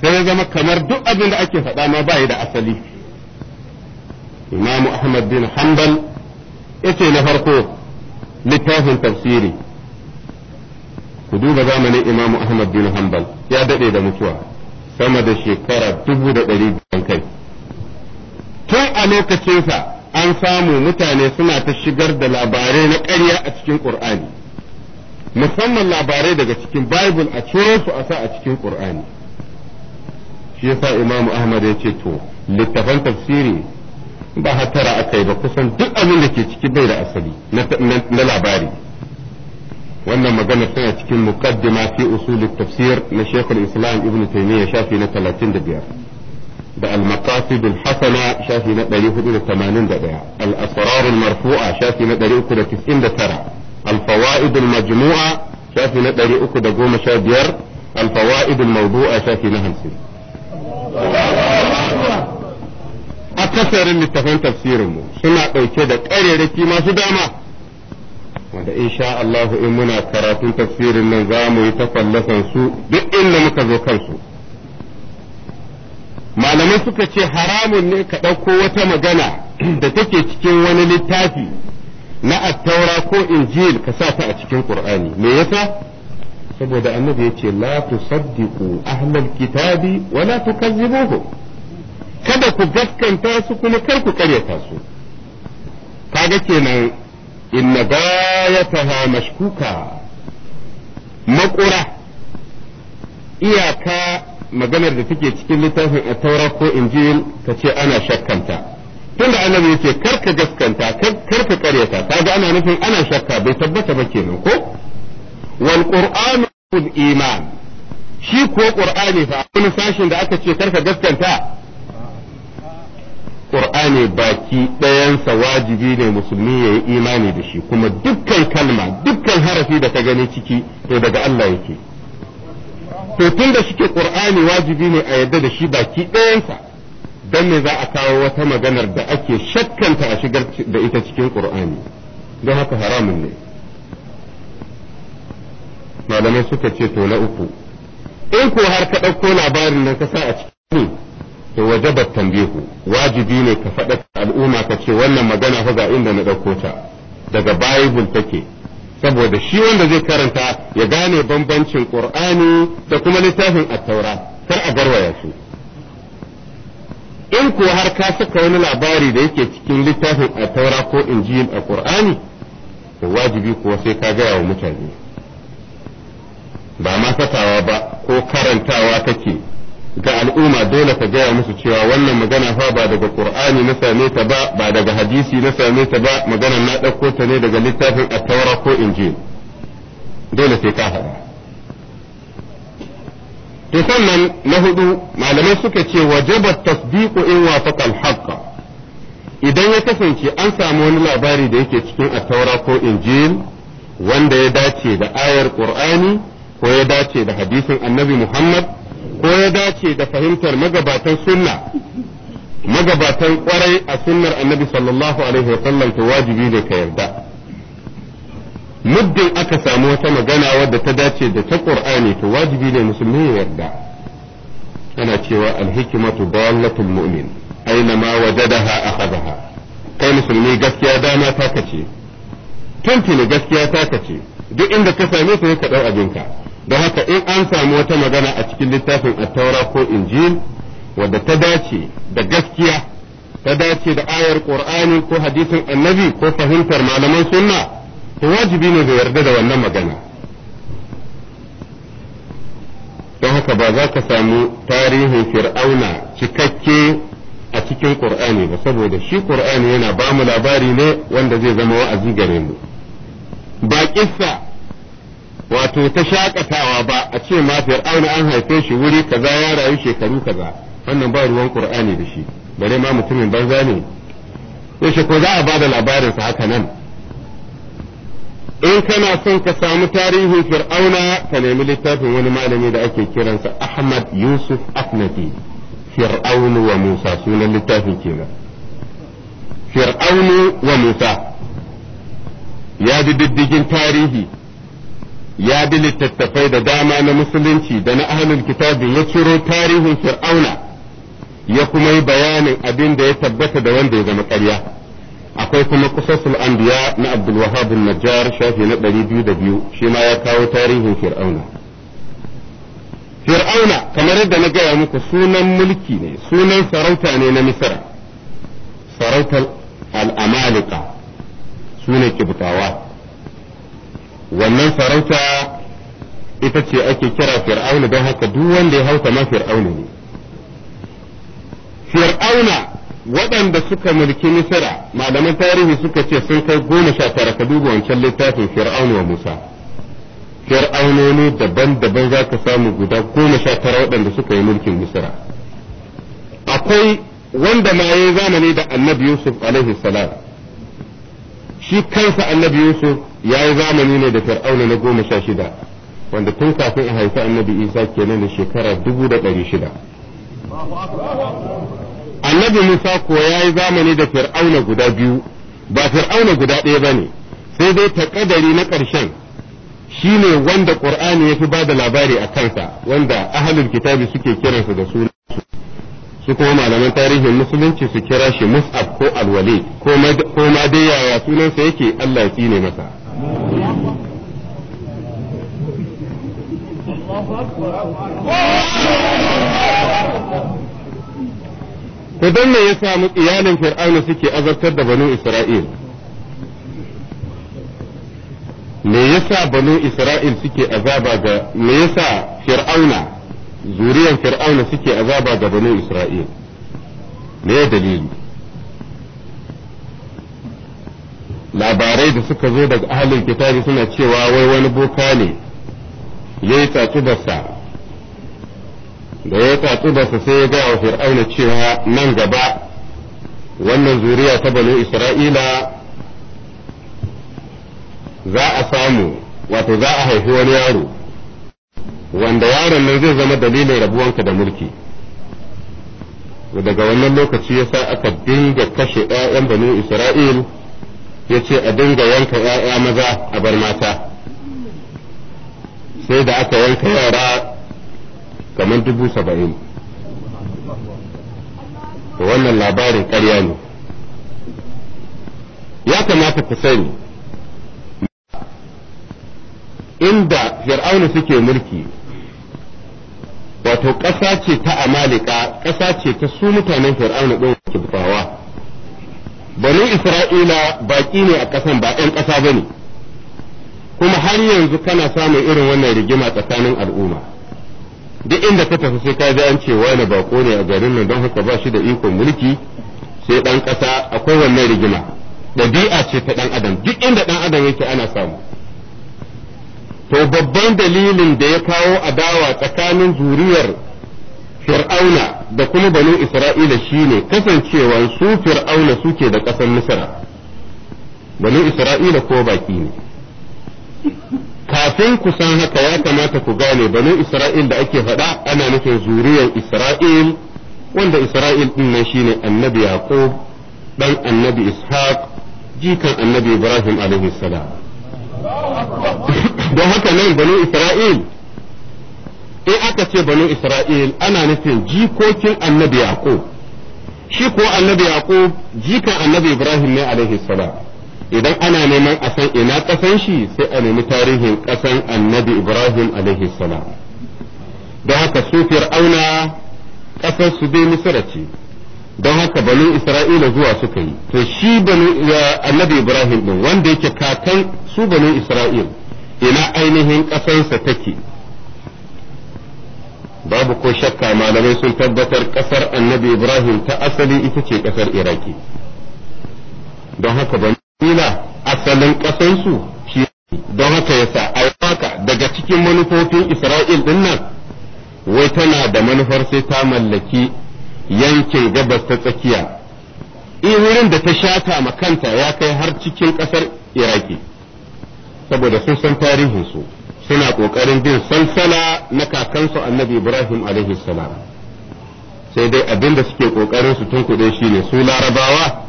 Speaker 1: sai ya zama kamar duk abin da ake faɗa ma ba da asali imamu ahmad bin hanbal yace na farko littafin tafsiri ku duba zamanin imamu ahmad bin hanbal ya daɗe da mutuwa sama da shekara dubu da ɗari biyan kai tun a lokacinsa an samu mutane suna ta shigar da labarai na ƙarya a cikin ƙur'ani musamman labarai daga cikin bible a ciro su a sa a cikin ƙur'ani shi yasa imamu ahmad ya ce to littafan tafsiri ba hatara yi ba kusan duk abin da ke ciki bai da asali na labari wannan magana tana cikin muqaddima fi usul tafsir na Sheikh al-Islam Ibn Taymiyyah shafi na 35 da al-maqasid al-hasana shafi na 481 al-asrar al-marfu'a shafi na 399 al-fawaid al-majmu'a shafi na 315 al-fawaid al-mawdu'a shafi na 50 akasarin littafan tafsirinmu suna ɗauke da ƙarerraki masu dama wanda insha Allah in muna karatun tafsirin nan za mu yi tafallasan su duk inda muka zo kansu malamai suka ce haramun ne ka ɗauko wata magana da take cikin wani littafi na attaura ko injil ka sa ta a cikin qur'ani me yasa saboda annabi ya ce la tusaddiqu ahlal kitabi wa la tukazzibuhu kada ku gaskanta su kuma kar ku karyata su kaga kenan inna gayataha mashkuka maƙura iyaka maganar da take cikin littafin a taura ko injil ka ce ana shakkanta tunda annabi yace kar ka gaskanta kar ka karyata kaga ana nufin ana shakka bai tabbata ba kenan ko wal qur'anu iman shi ko qur'ani fa wani sashin da aka ce kar ka gaskanta Ƙur'ani baki ɗayansa wajibi ne musulmi ya yi imani da shi kuma dukkan kalma dukkan harafi da ka gani ciki to daga Allah yake to tun da shike Qur'ani wajibi ne a yadda da shi baki ɗayansa dan ne za a kawo wata maganar da ake shakkanta a shigar da ita cikin Ƙur'ani. don haka haramun ne malamai suka ce to na uku in ko har ka ɗauko labarin nan ka sa a cikin to wajabat tanbihu wajibi ne ka faɗa al'umma ka ce wannan magana fa ga inda na ɗauko ta daga bible take saboda shi wanda zai karanta ya gane bambancin qur'ani da kuma littafin at kar a garwaya su in ko har ka saka wani labari da yake cikin littafin at ko injil a qur'ani to wajibi kuwa sai ka gaya wa mutane ba ma fatawa ba ko karantawa kake ga al'umma dole ka gaya musu cewa wannan magana fa ba daga qur'ani na same ta ba ba daga hadisi na same ta ba magana na ɗauko ta ne daga littafin at-taura ko injil dole sai ka haɗa to sannan na hudu malamai suka ce wajaba tasdiqu in wafaqa al-haqq idan ya kasance an samu wani labari da yake cikin at-taura ko injil wanda ya dace da ayar qur'ani ko ya dace da hadisin annabi muhammad ko ya dace da fahimtar magabatan sunna magabatan kwarai a sunnar annabi sallallahu alaihi wasallam to wajibi ne ka yarda muddin aka samu wata magana wadda ta dace da ta qur'ani to wajibi ne musulmi ya yarda ana cewa alhikmatu dallatul mu'min aina ma wajadaha akhadaha kai musulmi gaskiya dama ta kace tuntuni gaskiya ta kace duk inda ka same ta ka dau abinka da haka in an samu wata magana a cikin littafin attaura ko injil wadda ta dace da gaskiya ta dace da ayar qur'ani ko hadisin annabi ko fahimtar malaman sunna to wajibi ne da yarda da wannan magana don haka ba za ka samu tarihin fir'auna cikakke a cikin qur'ani ba saboda shi qur'ani yana ba mu labari ne wanda zai zama wa'azi gare mu ba kissa wato ta shakatawa ba a ce ma fir'auna an haife shi wuri kaza ya rayu shekaru kaza wannan ba ruwan qur'ani da shi bare ma mutumin banza ne yaushe ko za a bada labarin sa haka nan in kana son ka samu tarihin fir'auna ka nemi littafin wani malami da ake kiransa Ahmad Yusuf Afnafi fir'aunu wa Musa sunan littafin kenan fir'aunu wa Musa ya bi diddigin tarihi ya bi littattafai da dama na musulunci da na ahlul kitabi ya ciro tarihin fir'auna ya kuma yi bayanin abin da ya tabbata da wanda ya zama ƙarya akwai kuma kusasul anbiya na abdul wahab najjar shafi na 202 shi ma ya kawo tarihin fir'auna fir'auna kamar yadda na gaya muku sunan mulki ne sunan sarauta ne na misra sarautar al'amalika su ne wannan farauta ita ce ake kira fir'auna don haka duk wanda ya hauta ma fir'auna ne fir'auna waɗanda suka mulki misira malaman tarihi suka ce sun kai goma sha tara ka duba wancan littafin fir'auna wa musa fir'aunoni daban-daban za ka samu guda goma sha tara waɗanda suka yi mulkin misira akwai wanda ma ya zamani da annabi yusuf alaihi salam shi kansa annabi yusuf ya yi zamani ne da fir'auna na goma sha shida wanda tun kafin a haifi annabi isa kenan da shekara dubu da ɗari shida annabi musa kuwa ya yi zamani da fir'auna guda biyu ba fir'auna guda ɗaya ba ne sai dai taƙadari na ƙarshen shi ne wanda ƙur'ani ya fi ba da labari a kansa wanda ahalin kitabi suke kiransa da suna su kuma malaman tarihin musulunci su kira shi mus'ab ko alwali ko ma dai yaya sunansa yake Allah ya tsine masa to don me ya samu iyalin fir'auna suke azabtar da banu isra'il me yasa banu isra'il suke azaba ga me yasa fir'auna zuriyar fir'auna suke azaba ga banu isra'il me dalili labarai da suka zo daga ahalin kitabi suna cewa wai wani boka ne ya yi tsatsubarsa da ya tsatsubarsa sai ya gaya wa fir'auna cewa nan gaba wannan zuriya ta banu isra'ila za a samu wato za a haifi wani yaro wanda yaron nan zai zama dalilin rabuwanka da mulki daga wannan lokaci yasa aka dinga kashe 'ya'yan banu isra'il ya ce a dinga yanka ‘ya'ya maza a bar mata sai da aka yanka yara kamar dubu saba'in wannan labarin karya ne ya kamata ku sani inda fir'aunu suke mulki wato ƙasa ce ta amalika ƙasa ce ta su mutanen fir'aunu ɗin kibbawa bani isra'ila baƙi ne a ƙasan ba ɗan ƙasa ba ne kuma har yanzu kana samun irin wannan rigima tsakanin al'umma duk inda ka tafi sai ka ji an ce wani bako ne a garin nan don haka ba shi da ikon mulki sai ɗan ƙasa akwai wannan rigima ɗabi'a ce ta ɗan adam duk inda ɗan adam yake ana samu to babban dalilin da ya kawo adawa tsakanin zuriyar fir'auna da kuma banu isra'ila shine kasancewa su fir'auna suke da ƙasar misra banu isra'ila ko baki ne kafin ku san haka ya kamata ku gane banu isra'il da ake faɗa ana nufin zuriyar isra'il wanda isra'il din nan shine annabi yaqub dan annabi ishaq jikan annabi ibrahim alaihi salam don haka nan banu isra'il in aka ce banu isra'il ana nufin jikokin annabi yaqub shi ko annabi yaqub jikan annabi ibrahim ne alaihi salam idan ana neman a san ina kasan shi sai a nemi tarihin kasan annabi ibrahim alaihi salam don haka su fir'auna kasan su dai misra ce don haka banu isra'ila zuwa suka yi to shi banu eh, annabi ibrahim din wanda yake kakan su banu isra'il ina ainihin kasansa take babu ko shakka malamai sun tabbatar kasar annabi ibrahim ta asali ita ce kasar iraki don haka banila asalin kasansu shi don haka yasa aiwaka daga cikin manufofin isra'il din nan wai tana da manufar sai ta mallaki yankin gabas ta tsakiya eh, wurin da ta shata ma kanta ya kai har cikin kasar iraki saboda sun san tarihinsu su suna ƙoƙarin bin salsala na kakansu annabi Ibrahim alaihi salam sai dai abinda suke ƙoƙarin su tunkuɗe shi ne su larabawa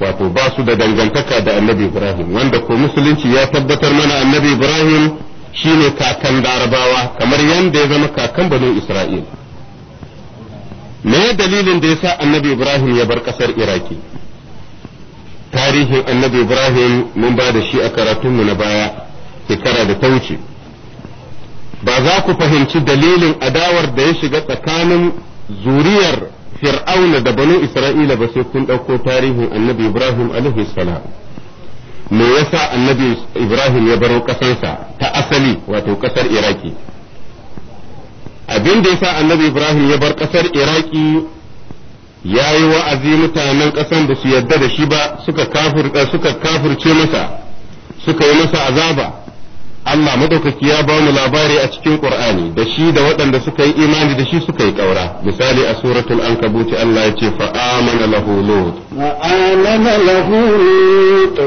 Speaker 1: wato ba su da dangantaka da annabi Ibrahim wanda ko musulunci ya tabbatar mana annabi Ibrahim shine kakan larabawa kamar yadda ya zama kakan banu Isra'il me dalilin da ya sa annabi Ibrahim ya bar ƙasar Iraki tarihin annabi Ibrahim mun ba da shi a karatunmu na baya shekara da ta wuce ba za ku fahimci dalilin adawar da ya shiga tsakanin zuriyar fir'auna da banu isra'ila ba sai kun ɗauko tarihin annabi ibrahim alaihi salam me yasa annabi ibrahim ya baro ƙasarsa ta asali wato ƙasar iraki abin da yasa annabi ibrahim ya bar ƙasar iraki ya yi wa'azi mutanen ƙasan da su yarda da shi ba suka kafirce masa suka yi masa azaba Allah madaukaki ya ba mu labari a cikin Qur'ani da shi da waɗanda suka yi imani da shi suka yi ƙaura misali a suratul ankabut Allah ya ce fa amana lahu lut
Speaker 2: wa amana lahu lut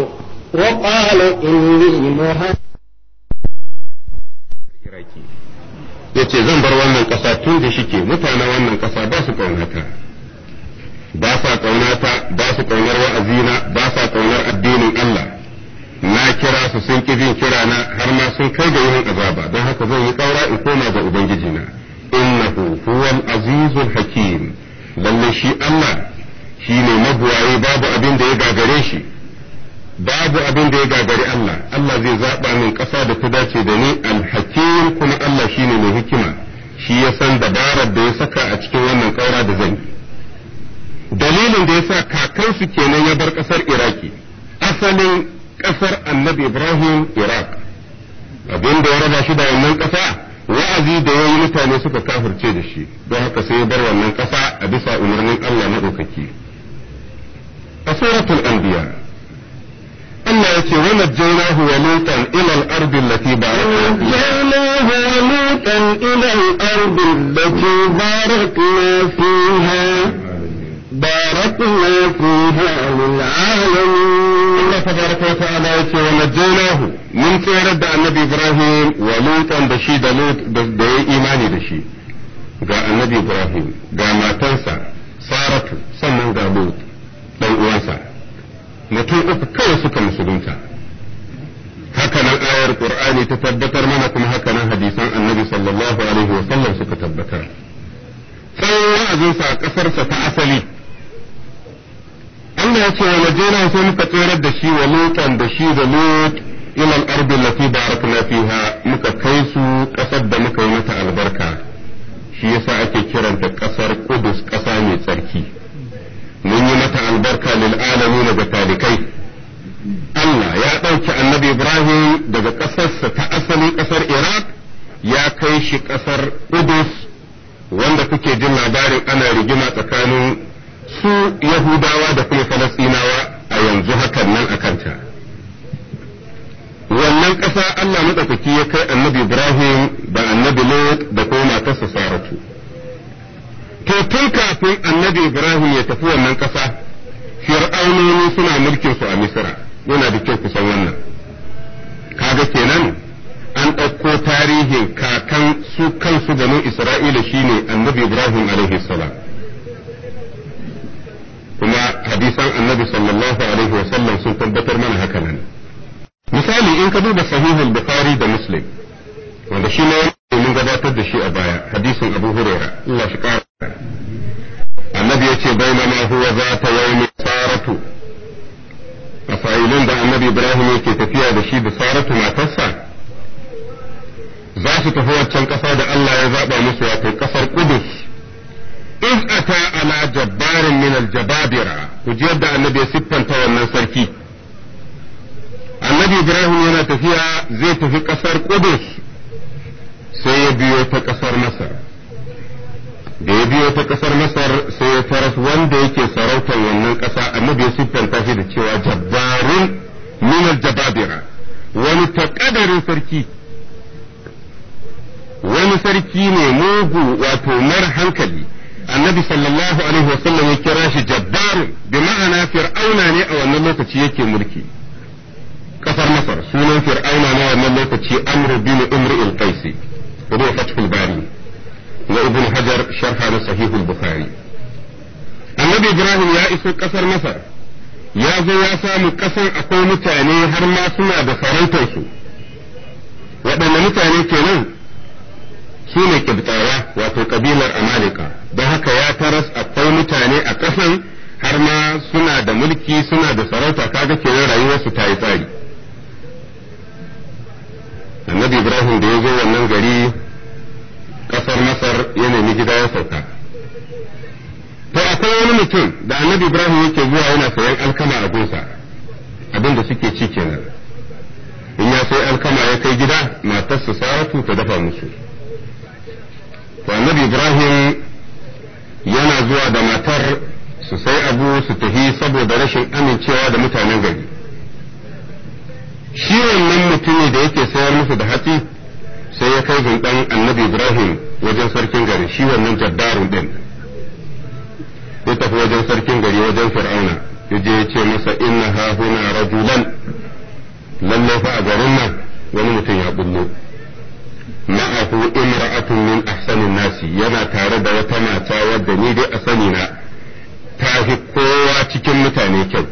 Speaker 2: wa qala inni muhajiraki
Speaker 1: yace zan bar wannan ƙasa tun da shike mutanen wannan ƙasa ba su kaunata ba sa kaunata ba su kaunar wa'azina ba sa kaunar addinin Allah na kira su sun ƙi jin kira na har ma sun kai da yin azaba don haka zan yi ƙaura in koma ga ubangiji na innahu huwal azizul hakim lalle shi Allah shi ne mabuwaye babu abin da ya gagare shi babu abin da ya gagari Allah Allah zai zaɓa min ƙasa da ta dace da ni alhakim kuma Allah shi ne mai hikima shi ya san dabarar da ya saka a cikin wannan ƙaura da zan dalilin da ya sa kakansu kenan ya bar ƙasar iraki asalin ƙasar annabi ibrahim iraq abin da ya raba shi da wannan ƙasa wa'azi da ya yi mutane suka kafirce da shi don haka sai ya bar wannan ƙasa a bisa umarnin allah na ɗaukaki. a suratul anbiya
Speaker 2: Allah ya ce wani jainahu wa lutan ila al-ardi allati barakna jainahu wa lutan ila al-ardi allati barakna fiha barakna fiha lil alamin Allah tabaraka wa ta'ala yake
Speaker 1: wa najaynahu mun tsirar da annabi Ibrahim wa lutan da shi da da ya imani da shi ga annabi Ibrahim ga matansa Saratu sannan ga Lut dan uwansa mutum uku kawai suka musulunta Hakanan awar ayar Qur'ani ta tabbatar mana kuma haka nan hadisan annabi sallallahu alaihi wa sallam suka tabbatar sai wa'azinsa a kasarsa ta asali Allah ya ce wa najena sai muka tserar da shi wa lutan da shi da lut ila al-ardi allati barakna fiha muka kai su kasar da muka yi mata albarka shi yasa ake kiranta kasar Qudus kasa mai tsarki mun yi mata albarka lil alamin ga talikai Allah ya ɗauki annabi Ibrahim daga ƙasarsa ta asali ƙasar Iraq ya kai shi ƙasar Qudus wanda kuke jin labarin ana rigima tsakanin su yahudawa da kuma falastinawa a yanzu hakan nan a kanta wannan ƙasa Allah maɗaukaki ya kai annabi Ibrahim da annabi Lot da kuma matarsa Saratu to tun kafin annabi Ibrahim ya tafi wannan ƙasa fir'aunoni suna mulkin su a Misra yana da kyau kusan wannan kaga kenan an ɗauko tarihin kakan su kansu ganin Isra'ila shine annabi Ibrahim alaihi salam kuma hadisan annabi sallallahu alaihi wa sallam sun tabbatar mana haka nan misali in ka duba sahihul bukhari da muslim wanda shi ne mun gabatar da shi a baya hadisin abu huraira Allah shi kara annabi yace bainama huwa zata yawmi saratu a da annabi ibrahim yake tafiya da shi da saratu matarsa za su tafi waccan kasa da Allah ya zaba musu wato kasar kudus in ata ala jabbarin min aljababira ku ji annabi ya siffanta wannan sarki annabi ibrahim yana tafiya zai tafi kasar kudus sai ya biyo ta kasar masar da ya biyo ta masar sai ya taras wanda yake sarautar wannan kasa annabi ya siffanta shi da cewa jabbarin min aljababira wani takadarin sarki wani sarki ne mugu wato mara hankali annabi sallallahu alaihi wasallam ya kira shi jabbaru bi ma'ana fir'auna ne a wannan lokaci yake mulki kasar masar sunan fir'auna a wannan lokaci amru bin umr al-qaisi ruwa fathul bari na ibn hajar sharha na sahihul bukhari annabi ibrahim ya iso kasar masar ya zo ya samu kasan akwai mutane har ma suna da sarautar su waɗanne mutane kenan su ne kibtawa wato kabilar amalika don haka ya taras akwai mutane a ƙasan har ma suna da mulki suna da sarauta kaga kenan rayuwarsu ta yi tsari annabi ibrahim da ya zo wannan gari ƙasar masar ya nemi gida ya sauka
Speaker 2: to akwai wani mutum
Speaker 1: da annabi ibrahim yake zuwa yana sayan alkama a gunsa abin suke ci kenan in ya sai alkama ya kai gida matarsa saratu ta dafa musu to annabi ibrahim yana zuwa da matar su sai abu su tafi saboda rashin amincewa da mutanen gari shi wannan mutumi da yake sayar musu da hatsi sai ya kai dan annabi ibrahim wajen sarkin gari shi wannan jaddarun din ya tafi wajen sarkin gari wajen fir'auna ya je ya ce masa inna ha huna rajulan a garin nan wani mutum ya bullo ma'ahu imra'atun min ahsanin nasi yana tare da wata mata wadda ni dai a sani na ta kowa cikin mutane kyau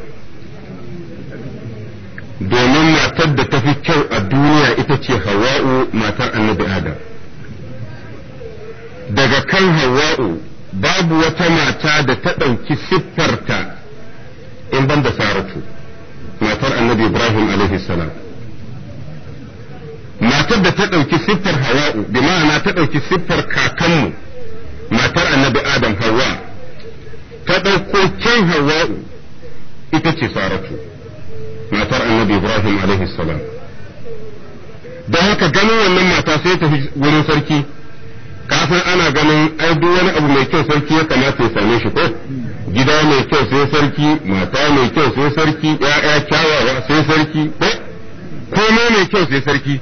Speaker 1: domin matar da ta fi kyau a duniya ita ce hawa'u matar annabi adam daga kan Hauwa'u babu wata mata da ta ɗauki siffarta in ban da saratu matar annabi ibrahim alaihi matar da ta ɗauki siffar hawa'u bi ma'ana ta ɗauki siffar kakanmu matar annabi adam hawa ta ɗauko can hawa'u ita ce saratu matar annabi ibrahim alaihi salam
Speaker 2: don haka ganin wannan mata sai ta wurin sarki
Speaker 1: kafin ana ganin ai duk wani abu mai kyau sarki ya kamata ya same shi ko gida mai kyau sai sarki mata mai kyau sai sarki ya'ya kyawawa sai sarki ko komai mai kyau sai sarki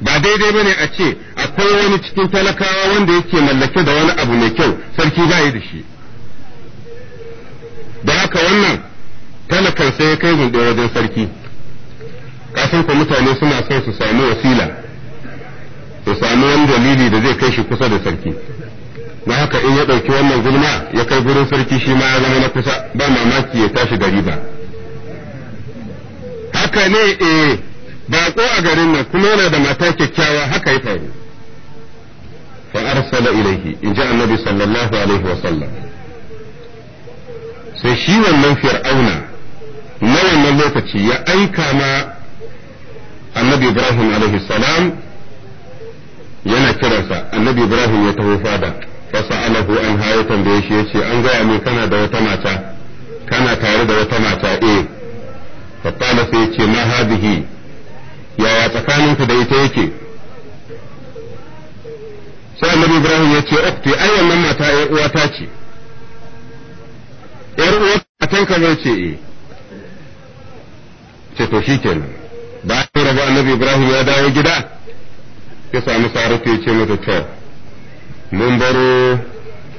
Speaker 1: ba daidai bane a ce akwai wani cikin talakawa wanda yake mallake da wani abu mai kyau sarki ba yi da shi da haka wannan talakar sai ya kai gunde wajen sarki Kafin ku mutane suna son su samu wasila su samu wani dalili da zai kai shi kusa da sarki na haka in ya ɗauki wannan gulma ya kai gurin sarki shi ma ya zama na kusa ba mamaki ya tashi gari ba haka ne eh baƙo a garin nan kuma yana da mata kyakkyawa haka ya faru fa arsala ilaihi in ji annabi sallallahu alaihi wa sallam sai shi wannan fir'auna na wannan lokaci ya aika ma annabi ibrahim alaihi salam yana kiransa annabi ibrahim ya taho fada fasa'alahu an hayo tambaye shi yace an gaya min kana da wata mata kana tare da wata mata eh fa sai yace ma hadhihi yaya tsakaninku da ita yake sai annabi ibrahim ya ce ukti ai wannan mata uwa uwata ce yar uwata matanka zai ce eh ce to shi shikenan bayan rabu annabi ibrahim ya dawo gida ya samu saratu ya ce mata to mun baro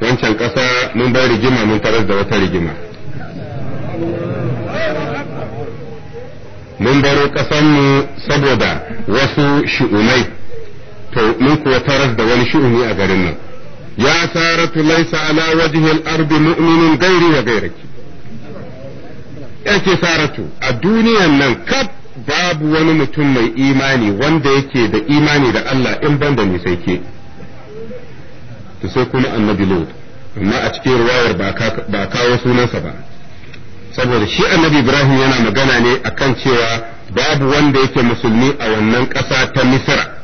Speaker 1: wancan ƙasa mun bar rigima mun taras da wata rigima mun baro ƙasanmu saboda wasu shi'umai to mun kuwa taras da wani shi'umi a garin nan ya saratu laisa ala wajhil ardi mu'minun gairi wa gairaki yake saratu a duniyan nan kaf babu wani mutum mai imani wanda yake da imani da Allah in ban da sai ke to sai kuma annabi lot amma a cikin ruwayar ba kawo sunansa ba saboda shi annabi ibrahim yana magana ne akan cewa babu wanda yake musulmi a wannan ƙasa ta Misira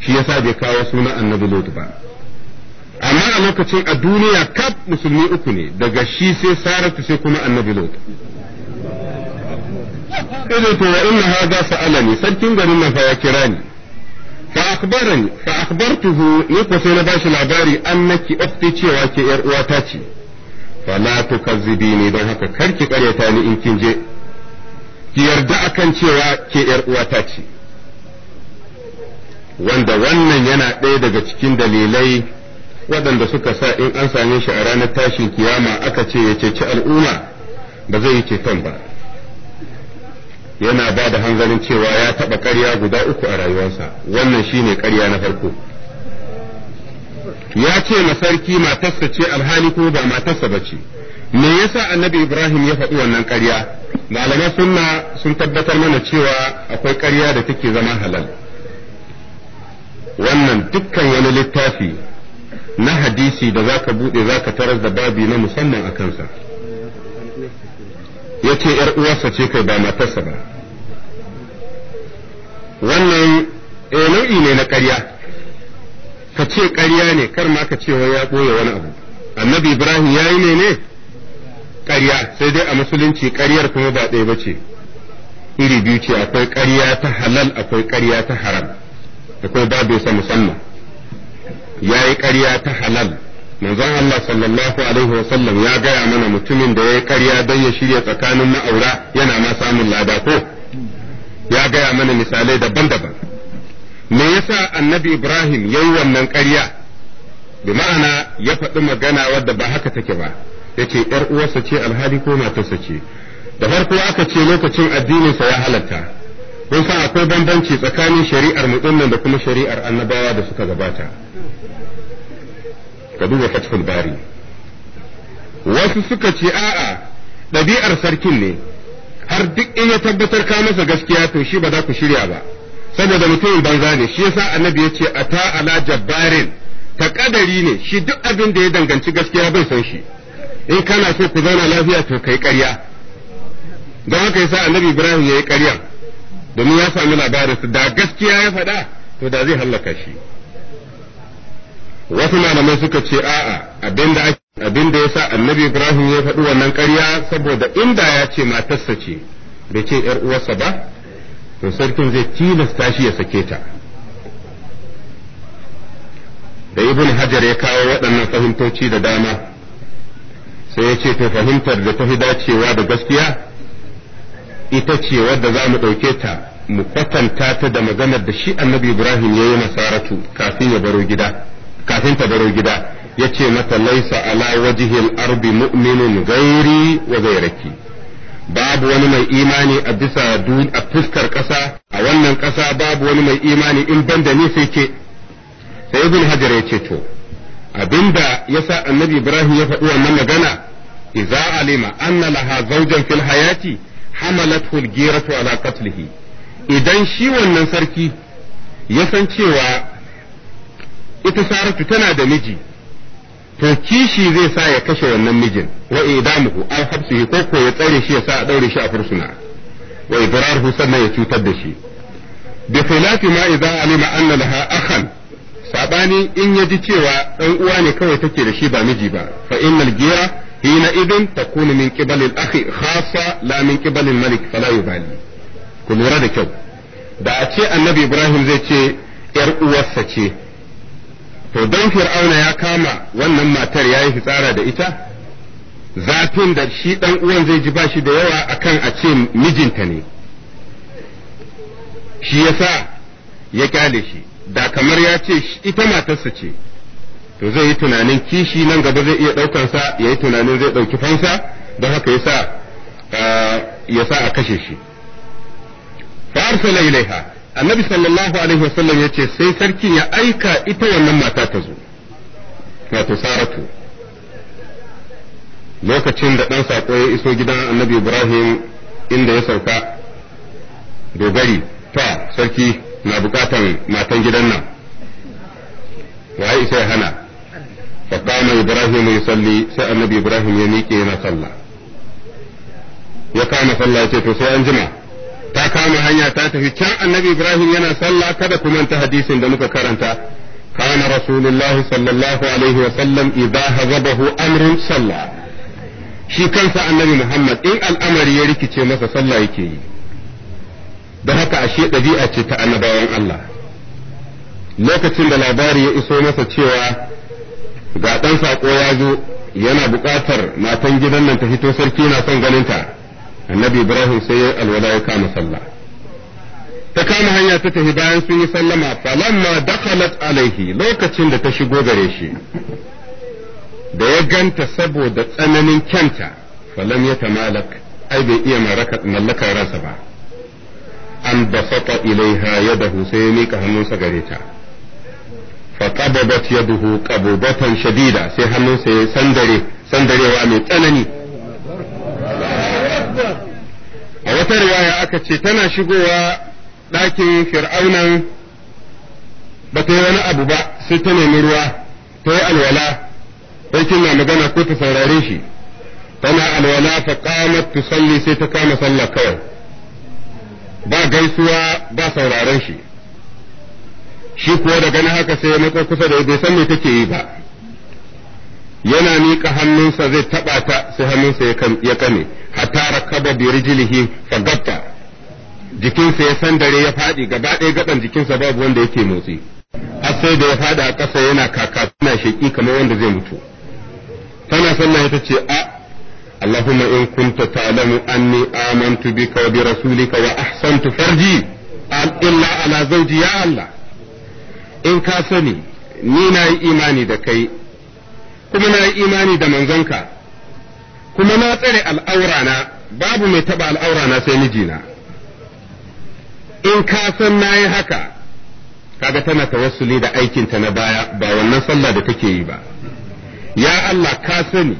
Speaker 1: shi yasa bai kawo suna annabi lot ba amma a lokacin a duniya kaf musulmi uku ne daga shi sai saratu sai kuma annabi lot idan to wa inna hadha sa'alani sarkin garin nan fa ya kira ni fa akhbarani fa
Speaker 2: akhbartuhu ni ko sai
Speaker 1: na bashi labari annaki ukhti cewa ke yar uwata ce fala tukazzibini don haka kar ki karyata ni in kin je ki yarda akan cewa ke yar uwata ce wanda wannan yana ɗaya daga cikin dalilai waɗanda suka sa in an same shi a ranar tashin kiyama aka ce ya ceci al'umma ba zai yi ceton ba yana ba da hanzarin cewa ya taɓa ƙarya guda uku a rayuwarsa wannan shine ƙarya na farko ya ce ma sarki matarsa ce alhali ko ba matarsa ba ce me yasa annabi ibrahim ya faɗi wannan ƙarya malamai sunna sun tabbatar mana cewa akwai ƙarya da take zama halal wannan dukkan wani littafi na hadisi da zaka buɗe zaka tarar da babi na musamman a kansa ya yar uwarsa ce kai ba matarsa ba wannan eh, nau'i ne na ƙarya ka ce ƙarya ne kar ma ka ce wai ya ɓoye wani abu annabi ibrahim ya yi ne ƙarya sai dai a musulunci ƙaryar kuma ba ɗaya ba ce iri biyu ce akwai ƙarya ta halal akwai ƙarya ta haram akwai babu sa musamman ya yi ƙarya ta halal manzon Allah sallallahu alaihi wa sallam ya gaya mana mutumin da ya yi ƙarya don ya shirya tsakanin ma'aura yana ma samun lada ko ya gaya mana misalai daban-daban me yasa annabi Ibrahim ya yi wannan ƙarya bi ma'ana ya faɗi magana wadda ba haka take ba Ya ce ‘yar uwarsa ce alhali ko matarsa ce da farko aka ce lokacin addininsa ya halatta kun san akwai bambanci tsakanin shari'ar mutumin da kuma shari'ar annabawa da suka gabata ka duba fathul bari wasu suka ce a'a ɗabi'ar sarkin ne har duk in ya tabbatar ka masa gaskiya to shi ba za ku shirya ba saboda mutumin banza ne shi yasa annabi ya ce ata ala jabbarin ta kadari ne shi duk abin da ya danganci gaskiya bai san shi in kana so ku zauna lafiya to kai ƙarya don haka yasa annabi ibrahim ya yi ƙarya domin ya sami labarin da gaskiya ya faɗa to da zai hallaka shi wasu malamai suka ce a'a abinda abinda yasa annabi ibrahim ya faɗi wannan ƙarya saboda inda ya ce matarsa ce bai ce yar uwarsa ba to sarkin zai tilasta shi ya sake ta da ibn hajar ya kawo waɗannan fahimtoci da dama sai ya ce to fahimtar da ta fi dacewa da gaskiya ita ce wadda za mu ɗauke ta mu kwatanta ta da maganar da shi annabi ibrahim ya yi nasaratu kafin ya gida kafin ta baro gida ya ce mata laisa ala wajihil arbi mu'minun gairi wa gairaki babu wani mai imani a bisa a fuskar ƙasa a wannan ƙasa babu wani mai imani in ban da ni sai ke sai ibn hajar ya ce to abinda yasa annabi ibrahim ya faɗi wannan magana idza alima anna laha zawjan fil hayati hamalathu al ghiratu ala qatlihi idan shi wannan sarki ya san cewa ita saratu tana da miji to kishi zai sa ya kashe wannan mijin wa idamuhu ai habsihi ko ko ya tsare shi ya sa a daure shi a fursuna wa idrarhu sannan ya cutar da shi bi khilafi ma idza alima anna laha akhan sabani in yaji cewa dan uwa ne kawai take da shi ba miji ba fa innal gira hina idin takunu min qibal al akhi khassa la min qibal al malik fala yubali ku lura da kyau da a ce annabi ibrahim zai ce yar uwarsa ce to don fir'auna ya kama wannan matar ya yi fitsara da ita zafin da shi ɗan uwan zai ji ba shi da yawa akan a ce mijinta ne shi yasa ya kyale shi da kamar ya ce ita matarsa ce to zai yi tunanin kishi nan gaba zai iya ɗaukansa ya yi tunanin zai ɗauki fansa don haka yasa ah, ya sa a kashe shi fa annabi sallallahu alaihi wasallam ya ce sai sarkin ya aika ita wannan mata ta zo wato saratu lokacin da ɗan saƙo ya iso gidan annabi ibrahim inda ya sauka dogari ta sarki na bukatan matan gidan nan waye isa ya hana faƙama ibrahim ya salli sai annabi ibrahim ya miƙe yana sallah ya kama sallah ya ce to sai an jima ta kama hanya ta tafi can annabi ibrahim yana sallah kada ku manta hadisin da muka karanta كان رسول الله صلى الله عليه وسلم إذا هضبه أمر صلى shi kansa annabi Muhammad in al'amari ya rikice masa sallah yake yi, da haka ashe ɗabi'a ce ta annabawan Allah. Lokacin da labari ya iso masa cewa ga ɗan saƙo ya zo yana buƙatar matan gidan nan ta fito sarki na son ganin ta. annabi ibrahim sai ya alwala ya kama sallah ta kama hanya ta tafi bayan sun yi sallama falamma dakhalat alaihi lokacin da ta shigo gare shi da ya ganta saboda tsananin kyanta falam ya tamalak ai bai iya mallakar ransa ba an basata ilaiha yadahu sai ya mika hannunsa gare ta faqabadat yaduhu qabubatan shadida sai hannunsa ya sandare sandarewa mai tsanani a wata riwaya aka ce tana shigowa ɗakin fir'aunan ba ta yi wani abu ba sai ta nemi ruwa ta yi alwala sarkin na magana ko ta saurare shi tana alwala ta kamar tusalli sai ta kama sallah kawai ba gaisuwa ba sauraren shi shi kuwa da ganin haka sai ya kusa da bai san me take yi ba yana miƙa hannunsa zai taɓa ta sai hannunsa ya kame hatta rakaba bi rijlihi fagatta jikinsa ya sandare ya faɗi gaba ɗaya gaban jikinsa babu wanda yake motsi har sai da ya faɗi a ƙasa yana kaka tana sheƙi kamar wanda zai mutu tana sallah ta ce a اللهم إن كنت تعلم أني آمنت بك وبرسولك وأحسنت فرجي إلا على زوجي يا الله إن كاسني ni na yi imani da kai kuma na yi imani da manzonka kuma na tsare na babu mai taba al'aura na sai mijina in ka san na yi haka kaga tana tawassuli da aikinta na baya ba wannan sallah da take yi ba ya Allah ka sani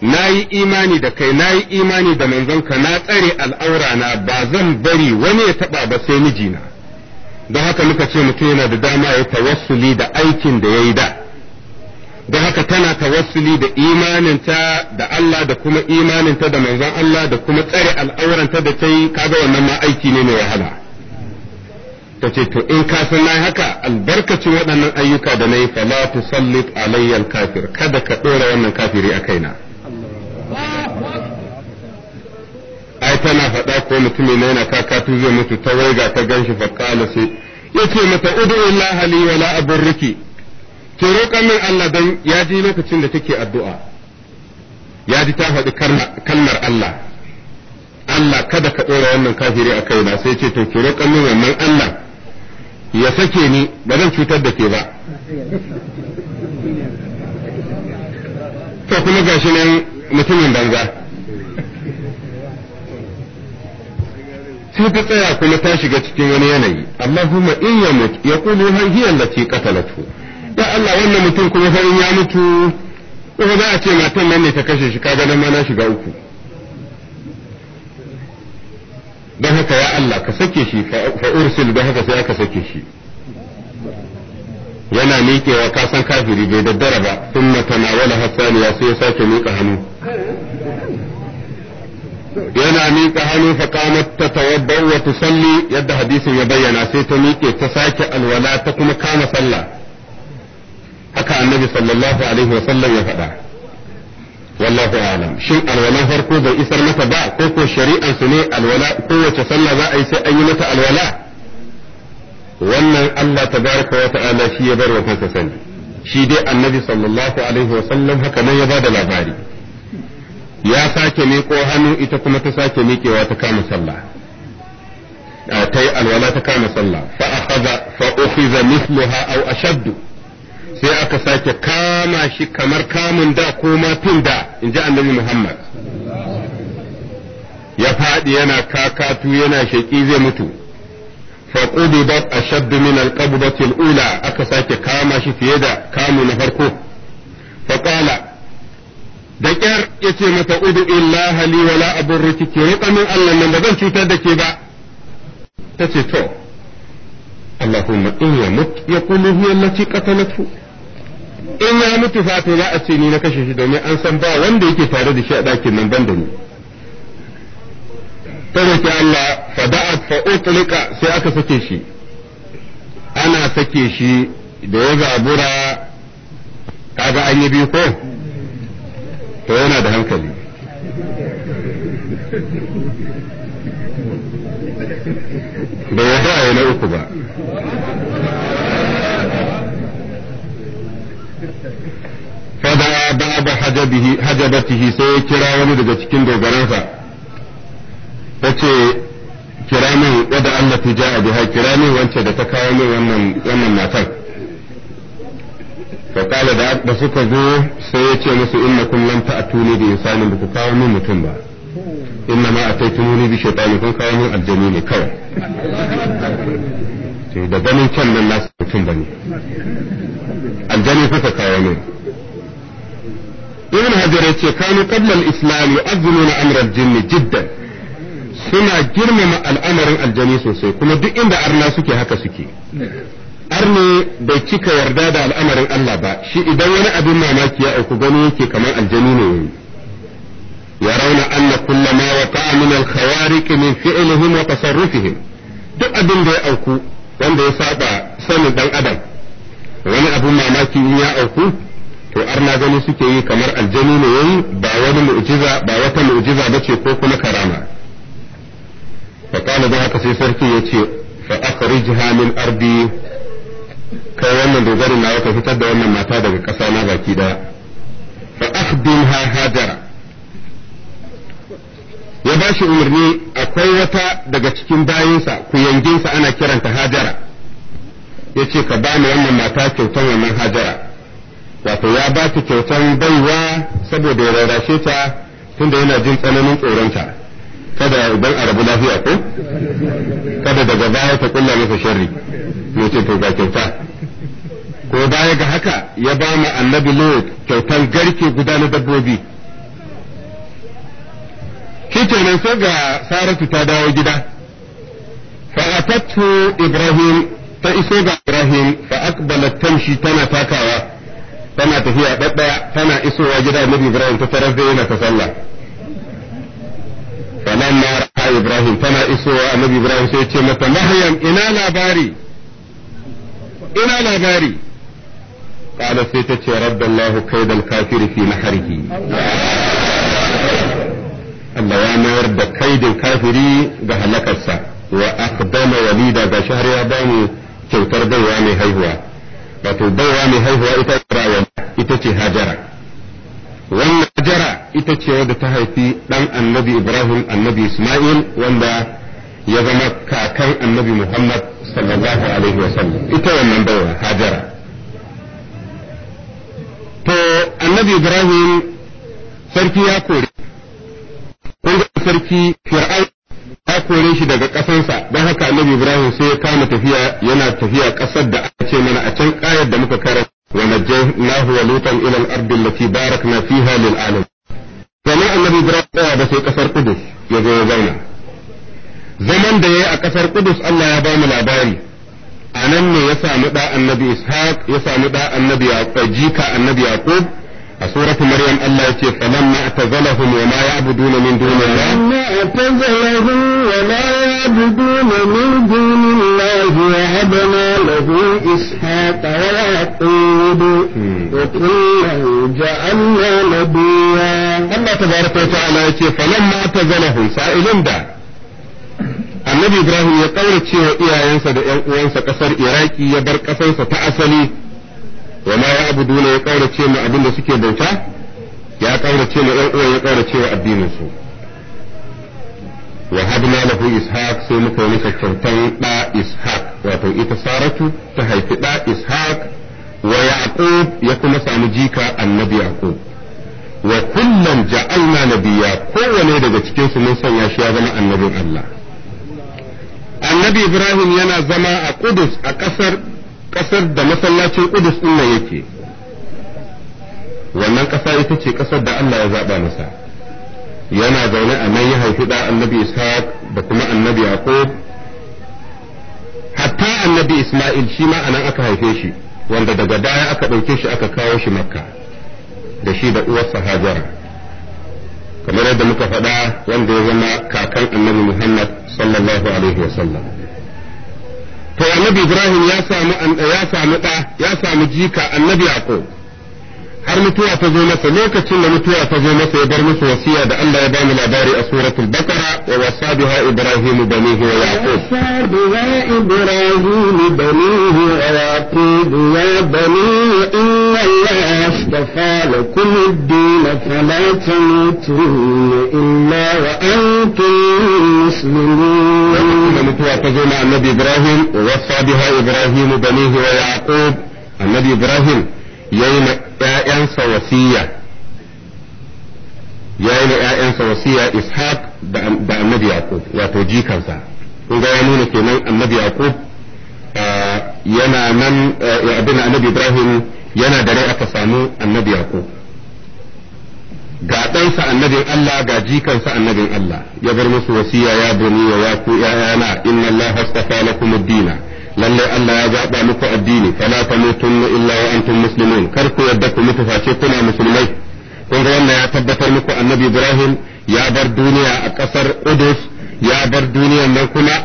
Speaker 1: na yi imani da kai na yi imani da ka na tsare al'aurana ba zan bari wani ya taɓa ba sai mijina don haka muka ce mutum yana da dama ya tawassuli da aikin da ya yi da da haka tana tawassuli da imaninta da Allah da kuma imaninta da manzon Allah da kuma tsare al'auranta da ta yi kaga wannan ma aiki ne mai wahala ta ce to in ka san nayi haka albarkacin waɗannan ayyuka da nayi fala tusallit alayyal kafir kada ka ɗora wannan kafiri a kaina ai tana faɗa ko mutum ne yana kakatu zai mutu ta waiga ta ganshi fa qala sai
Speaker 2: yace mata ud'u Allah li wala
Speaker 1: aburruki ki roƙon min Allah dan ya ji lokacin da take addu'a ya ji ta faɗi kalmar Allah Allah kada ka ɗora wannan kafiri a kai ba sai ce to ki roƙon min wannan Allah ya sake ni ba zan cutar da ke ba
Speaker 2: to kuma gashi nan
Speaker 1: mutumin banza sai ta tsaya kuma ta shiga cikin wani yanayi Allahumma in yamut yaqulu da allati qatalatu da Allah wannan mutum kuma farin ya mutu ko za a ce matan nan ne ta kashe shi kaga nan ma na shiga uku don haka ya Allah ka sake shi fa ursil don haka sai ka sake shi yana miƙewa ka san kafiri bai daddara ba sun matanawala hassaniya sai ya sake miƙa hannu yana miƙa hannu fa kamat ta tawabbau wa yadda hadisin ya bayyana sai ta miƙe ta sake alwala ta kuma kama sallah haka annabi sallallahu alaihi wa sallam ya faɗa wallahu alam shin alwalan farko zai isar mata ba ko ko shari'ar su ne alwala kowace sallah za a yi sai an yi mata alwala wannan Allah tabaraka wa ta'ala shi ya bar wa kansa sani shi dai annabi sallallahu alaihi wa sallam haka nan ya ba da labari ya sake ko hannu ita kuma ta sake miƙewa ta kama sallah ta yi alwala ta kama sallah fa akhadha fa ukhiza mithluha aw ashaddu sai aka sake kama shi kamar kamun da ko mafin da in ji annabi Muhammad ya faɗi yana kakatu yana shaƙi zai mutu faqudibat ashadd min alqabdati alula aka sake kama shi fiye da kamu na farko faqala da kyar yace mata udu illaha hali wala abin rikici ya min Allah nan ba zan cutar da ke ba ce to ya إن يمت يقول هي التي قتلته in ya mutu fa za a ce ni na kashe shi domin an san ba wanda yake tare da shi a ɗakin nan ban da ni ta roki Allah fa da'a fa utlika sai aka sake shi ana sake shi da ya zabura kaga an yi biyu ko to yana da hankali da ya na uku ba fada ba da hajabatihi sai ya kira wani daga cikin dogaransa ta ce kira min wadda Allah ta ja biha kira min wance da ta kawo min wannan wannan matan fa kala da suka zo sai ya ce musu innakum lam ta'tuni bi insanin da ku kawo min mutum ba inna ma ataytuni bi shaytanin kun kawo min aljani ne kawai da ganin kan nan nasu mutum bane aljani suka kawo min ibn hajar ya ce kanu qabla al-islam yu'azzimuna amra al-jinn jiddan suna girmama al'amarin aljani sosai kuma duk inda arna suke haka suke arni bai cika yarda da al'amarin Allah ba shi idan wani abin mamaki ya auku gani yake kamar aljani ne yayi يرون أن كل min وقع من الخوارق من فعلهم وتصرفهم duk abin da ya auku wanda ya saba sanin dan adam wani abin mamaki in ya auku to arna gani suke yi kamar aljani ne yayi ba wani mu'jiza ba wata mu'jiza bace ko kuma karama fa kana da haka sai sarki yace fa akhrijha min ardi kai wannan dogarin na ka fitar da wannan mata daga ƙasa na baki daya fa akhdimha hajara ya bashi umarni akwai wata daga cikin bayinsa ku sa ana kiranta hajara ya ce ka ba mu wannan mata kyautan wannan hajara wato ya ba ta kyautan baiwa saboda ya rarrashe ta tunda yana jin tsananin tsoronta kada idan a rabu lafiya ko kada daga baya ta kulla masa sharri ya ce to ga kyauta ko baya ga haka ya ba mu annabi lot kyautan garke guda na dabbobi shikenan sai ga saratu ta dawo gida fa'atatu ibrahim ta iso ga Ibrahim fa akbalat tamshi tana takawa tana tafiya daddaya tana isowa gida Annabi Ibrahim ta tarar da yana ta sallah falamma ra'a Ibrahim tana isowa Annabi Ibrahim sai ce mata Maryam ina labari ina labari قال سيتت رد الله كيد الكافر في نحره الله يا مير كيد الكافر بهلكسا وأقدم وليدا بشهر يا بني kyautar baiwa mai haihuwa wato baiwa mai haihuwa ita ita ce hajara wannan hajara ita ce wadda ta haifi dan annabi ibrahim annabi isma'il wanda ya zama kakan annabi muhammad sallallahu alaihi wasallam ita wannan baiwa hajara
Speaker 2: to annabi ibrahim sarki ya kore kun sarki fir'aun ya kore shi daga ƙasarsa
Speaker 1: don haka annabi ibrahim sai ya kama tafiya yana tafiya ƙasar da aka ce mana a can ƙayar da muka karanta wa najjaynahu wa lutan ila al-ardi allati barakna fiha lil alam. kamar annabi ibrahim tsaya da sai ƙasar kudus ya zo ya zauna zaman da yayi a ƙasar kudus Allah ya ba mu labari a nan ne ya samu da annabi ishaq ya samu da annabi jika annabi yaqub a suratu maryam Allah yace falam ma'tazalahum wa ma ya'buduna min dunillah
Speaker 2: ma'tazalahum wa ma ya'buduna min dunillah wa habana lahu ishaqa wa yaqub wa kullan ja'alna nabiyya Allah tabaraka wa ta'ala yace falam ma'tazalahum sa'ilin da annabi
Speaker 1: Ibrahim ya kaurace cewa iyayensa da ƴan uwansa kasar Iraki ya bar ƙasarsa ta asali wa ma ya abuduna ya kaurace mu abin da suke bauta ya kaurace mu ɗan uwan ya ƙaurace wa addinin su wa na lahu ishaq sai muka yi masa kyautan ishaq wato ita saratu ta haifi ɗa ishaq wa yaqub ya kuma samu jika annabi yaqub wa kullum ja'alna nabiyya kowane daga cikin su mun sanya shi ya zama annabin Allah annabi ibrahim yana zama a kudus a kasar ƙasar da masallacin Qudus ɗin nan yake wannan ƙasa ita ce ƙasar da Allah ya zaɓa masa yana zaune a nan ya haifi ɗa annabi Ishaq da kuma annabi Yaqub hatta annabi Ismail shi ma anan aka haife shi wanda daga daya aka ɗauke shi aka kawo shi Makka da shi da uwarsa Hajara kamar yadda muka faɗa wanda ya zama kakan annabi Muhammad sallallahu alaihi wasallam to annabi Ibrahim ya samu ya samu ɗa ya samu jika annabi Yaqub har mutuwa ta zo masa lokacin da mutuwa ta zo masa ya bar masa wasiya da Allah ya bani labari a suratul bakara wa wasa biha ibrahim banihi wa yaqub
Speaker 2: wasa biha ibrahim banihi wa yaqub ya bani inna allaha astafa lakum ad-din fala tamutunna illa wa antum muslimun
Speaker 1: mutuwa ta zo ma annabi ibrahim wa wasa biha ibrahim banihi wa yaqub annabi ibrahim yayi ma ‘ya'yansa wasiya yayi na ‘ya'yansa wasiya ishaq da annabi yaqub wato jikansa kun ga ya nuna kenan annabi yaqub yana nan abin annabi ibrahim yana da rai aka samu annabi yaqub ga ɗansa annabin Allah ga jikansa annabin Allah ya bar musu wasiya ya bani wa ya ku ‘ya'yana inna Allah hastafa lakum ad-dina lalle Allah ya zaɓa muku addini fala tamutunna illa wa antum muslimun kar ku yadda ku mutu face kuna musulmai kun ga wannan ya tabbatar muku annabi Ibrahim ya bar duniya a kasar Udus ya bar duniyar nan kuma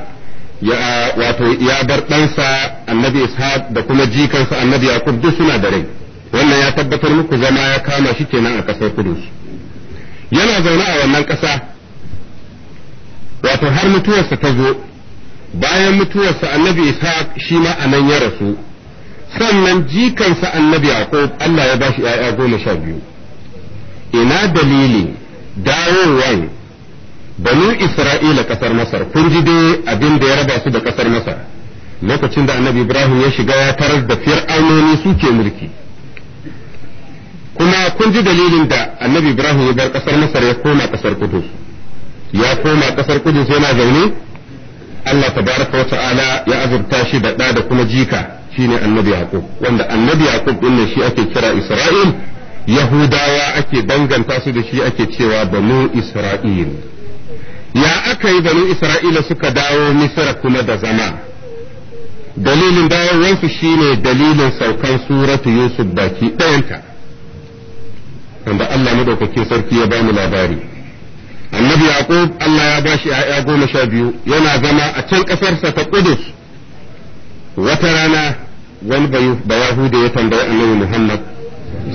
Speaker 1: ya wato ya bar ɗansa annabi Ishaq da kuma jikansa annabi Yaqub duk suna da rai wannan ya tabbatar muku zama ya kama shi kenan a kasar Kudus yana zaune a wannan ƙasa wato har mutuwarsa ta zo bayan mutuwarsa annabi isa shi ma a nan ya rasu sannan jikansa annabi yaqub Allah ya bashi ‘ya'ya goma sha biyu ina dalili dawowar banu isra'ila kasar masar kun ji dai abin da ya raba su da kasar masar lokacin da annabi ibrahim ya shiga ya tarar da fir'aunoni suke mulki kuma kun ji dalilin da annabi ibrahim ya bar kasar masar ya koma kasar kudu ya koma kasar kudus yana zaune Allah tabaraka wa ta'ala ya azurta shi da ɗa da kuma jika shine annabi yaqub wanda annabi yaqub din ne shi ake kira isra'il yahudawa ake danganta su da shi ake cewa banu isra'il ya aka yi banu isra'ila suka dawo misra kuma da zama dalilin dawowarsu shine dalilin saukan suratu yusuf baki ɗayanta wanda Allah madaukakin sarki ya bamu labari annabi yaqub Allah ya bashi ƴaƴa goma sha biyu yana zama a can ƙasarsa ta ƙudus. wata rana wani ba Yahuda ya tambayi annabi Muhammad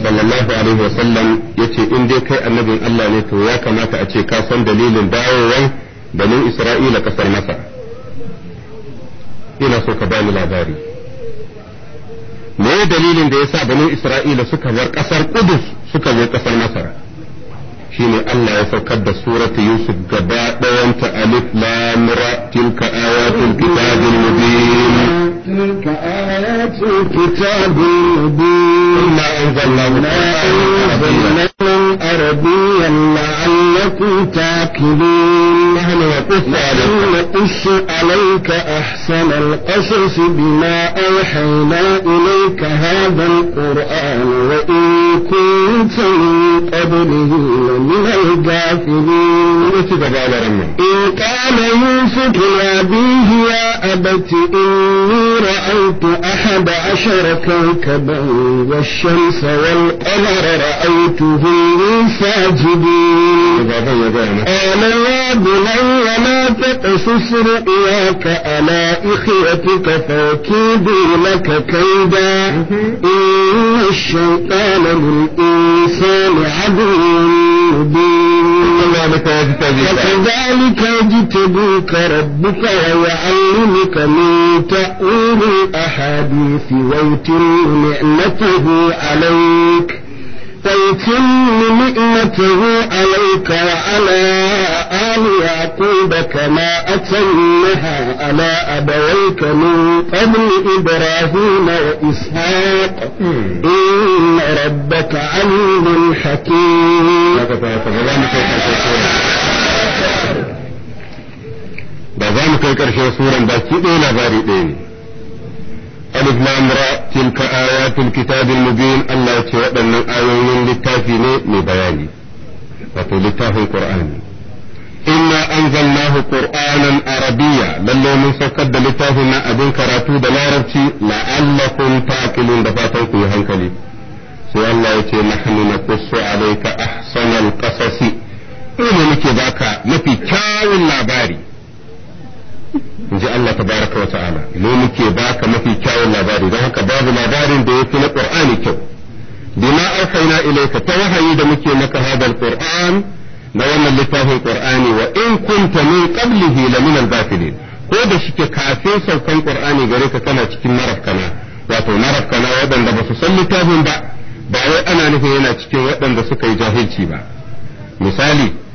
Speaker 1: sallallahu alaihi wa sallam yace in dai kai annabin Allah ne to ya kamata a ce ka san dalilin dawowar banin Isra'ila ƙasar Masar ina so ka bani labari me dalilin da yasa banin Isra'ila suka bar ƙasar ƙudus suka zo ƙasar Masar shine Allah ya saukar da suratu Yusuf gaba ɗayanta alif lam ra tilka ayatul
Speaker 2: kitabil mubin تلك آيات الكتاب المبين إنا أنزلنا أربيا لعلكم تعقلون نحن نقص عليك أحسن القصص بما أوحينا إليك هذا القرآن وإن كنت من قبله لمن الغافلين إن كان يوسف لأبيه أبت إني رأيت أحد عشر كوكبا والشمس والقمر رأيتهم ساجدين قال يا بني لا تقصص رؤياك على إخوتك فوكيدوا لك كيدا إن الشيطان للإنسان عدو مبين وكذلك يجتبوك ربك ويعلمك من تأول الأحاديث ويتم نعمته عليك ليستيتم نعمته عليك وعلى آل يعقوب كما أتمها على أبويك من قبل إبراهيم وإسحاق إن ربك عليم حكيم
Speaker 1: da za mu kai ƙarshen suran baki ɗaya labari ɗaya ne alif lam ra tilka ayatul kitabil mubin Allah ya ce waɗannan ayoyin littafi ne mai bayani wato littafin qur'ani inna anzan anzalnahu qur'anan arabiyya lalle mun saukar da littafin na abin karatu da larabci na la'allakum taqilun da fatan ku yi hankali sai Allah ya ce nahnu naqussu alayka ahsanal qasasi ne muke baka mafi kyawun labari in ji Allah tabaraka wa ta'ala ne muke baka mafi kyawun labari don haka babu labarin da yafi na qur'ani kyau bima arsalna ilaika ta wahayi da muke maka hadal qur'an na wannan littafin qur'ani wa in kunta min qablihi la min al ko da shike kafin saukan qur'ani gare ka kana cikin marafkana wato marafkana waɗanda ba su san littafin ba ba wai ana nufin yana cikin waɗanda suka yi jahilci ba misali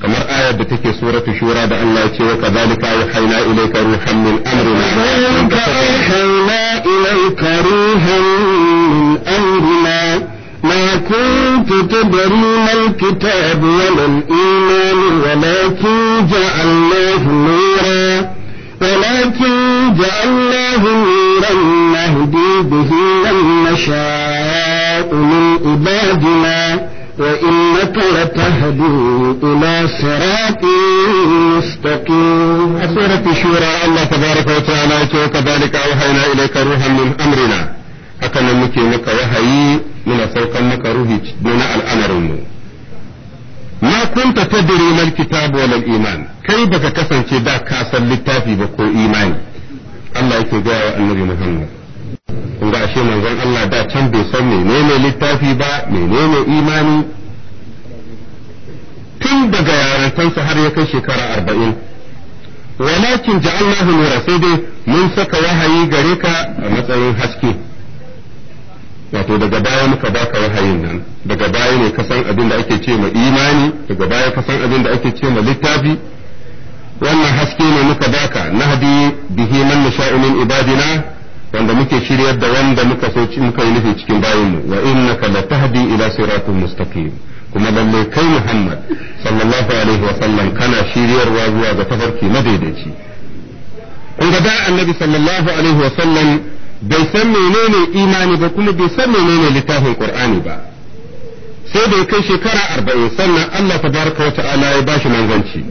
Speaker 1: kamar ayar da take suratu shura da Allah ya ce wa kadhalika yuhayna ilayka ruhan
Speaker 2: min amrina yuhayna ilayka ruhan min amrina ما كنت تدري ما الكتاب ولا الإيمان ولكن جعلناه نورا ولكن جعلناه نورا نهدي به من نشاء من عبادنا وإنك لتهدي إلى صراط مستقيم سورة الشورى الله تبارك وتعالى وكذلك
Speaker 1: أوحينا إليك روحا من أمرنا أكن مكي مك وهي من فوق مك روحي دون الأمر ما كنت تدري ما الكتاب ولا الإيمان كيف كسن كذا كاسا للتافي بكو إيمان الله يتجاوى النبي محمد in ga ashe manzon Allah da can bai san menene littafi ba menene imani tun daga yarantansa har ya kai shekara arba'in walakin ja'alnahu nura sai dai mun saka wahayi gare ka a matsayin haske wato daga baya muka baka wahayin nan daga baya ne ka san abin da ake ce ma imani daga baya ka san abin da ake ce ma littafi wannan haske ne muka baka nahdi bihi man nasha'u ibadina wanda muke shiryar da wanda muka so muka yi nufi cikin bayinmu wa innaka latahdi ila siratin mustaqim kuma lalle kai Muhammad sallallahu alaihi wa sallam kana shiryarwa zuwa ga tafarki madaidaici kun ga da annabi sallallahu alaihi wa sallam bai san menene imani ba kuma bai san menene littafin qur'ani ba sai bai kai shekara arba'in sannan Allah tabaraka wa ta'ala ya bashi manzanci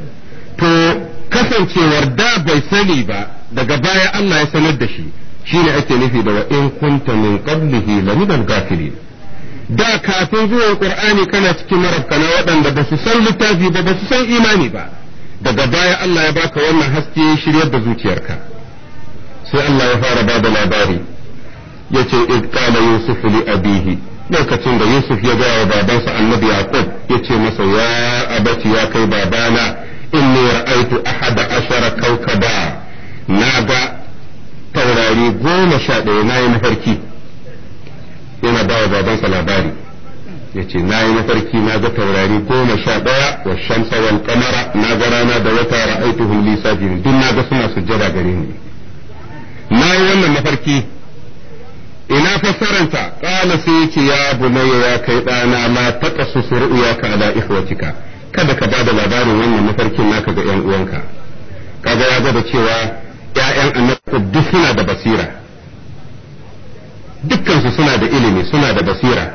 Speaker 1: to kasancewar da bai sani ba daga baya Allah ya sanar da shi shine ake nufi da wa in kunta min qablihi laminal gafilin da kafin zuwan qur'ani kana cikin marabkana waɗanda ba su san littafi ba ba su san imani ba daga baya Allah ya baka wannan haske ya shiryar da zuciyarka sai Allah ya fara ba da labari yace id qala yusuf li abihi lokacin da Yusuf ya gaya wa babansa annabi Yaqub yace masa ya abati ya kai babana inni ra'aitu ahada ashara kaukaba na ga taurari goma sha ɗaya na yi mafarki yana ba wa babansa labari ya ce na yi mafarki na ga taurari goma sha ɗaya wa shamsa wal kamara na ga rana da wata ra'aituhum li sajidin duk na ga suna sujjada gare ni na yi wannan mafarki ina fassaranta kala sai ce ya bunayya ya kai ɗana la taqassus ka ala ihwatika kada ka bada labarin wannan mafarkin naka ga yan uwanka kaga ya ga da cewa ‘ya'yan annabi duk suna da basira dukkansu suna da ilimi suna da basira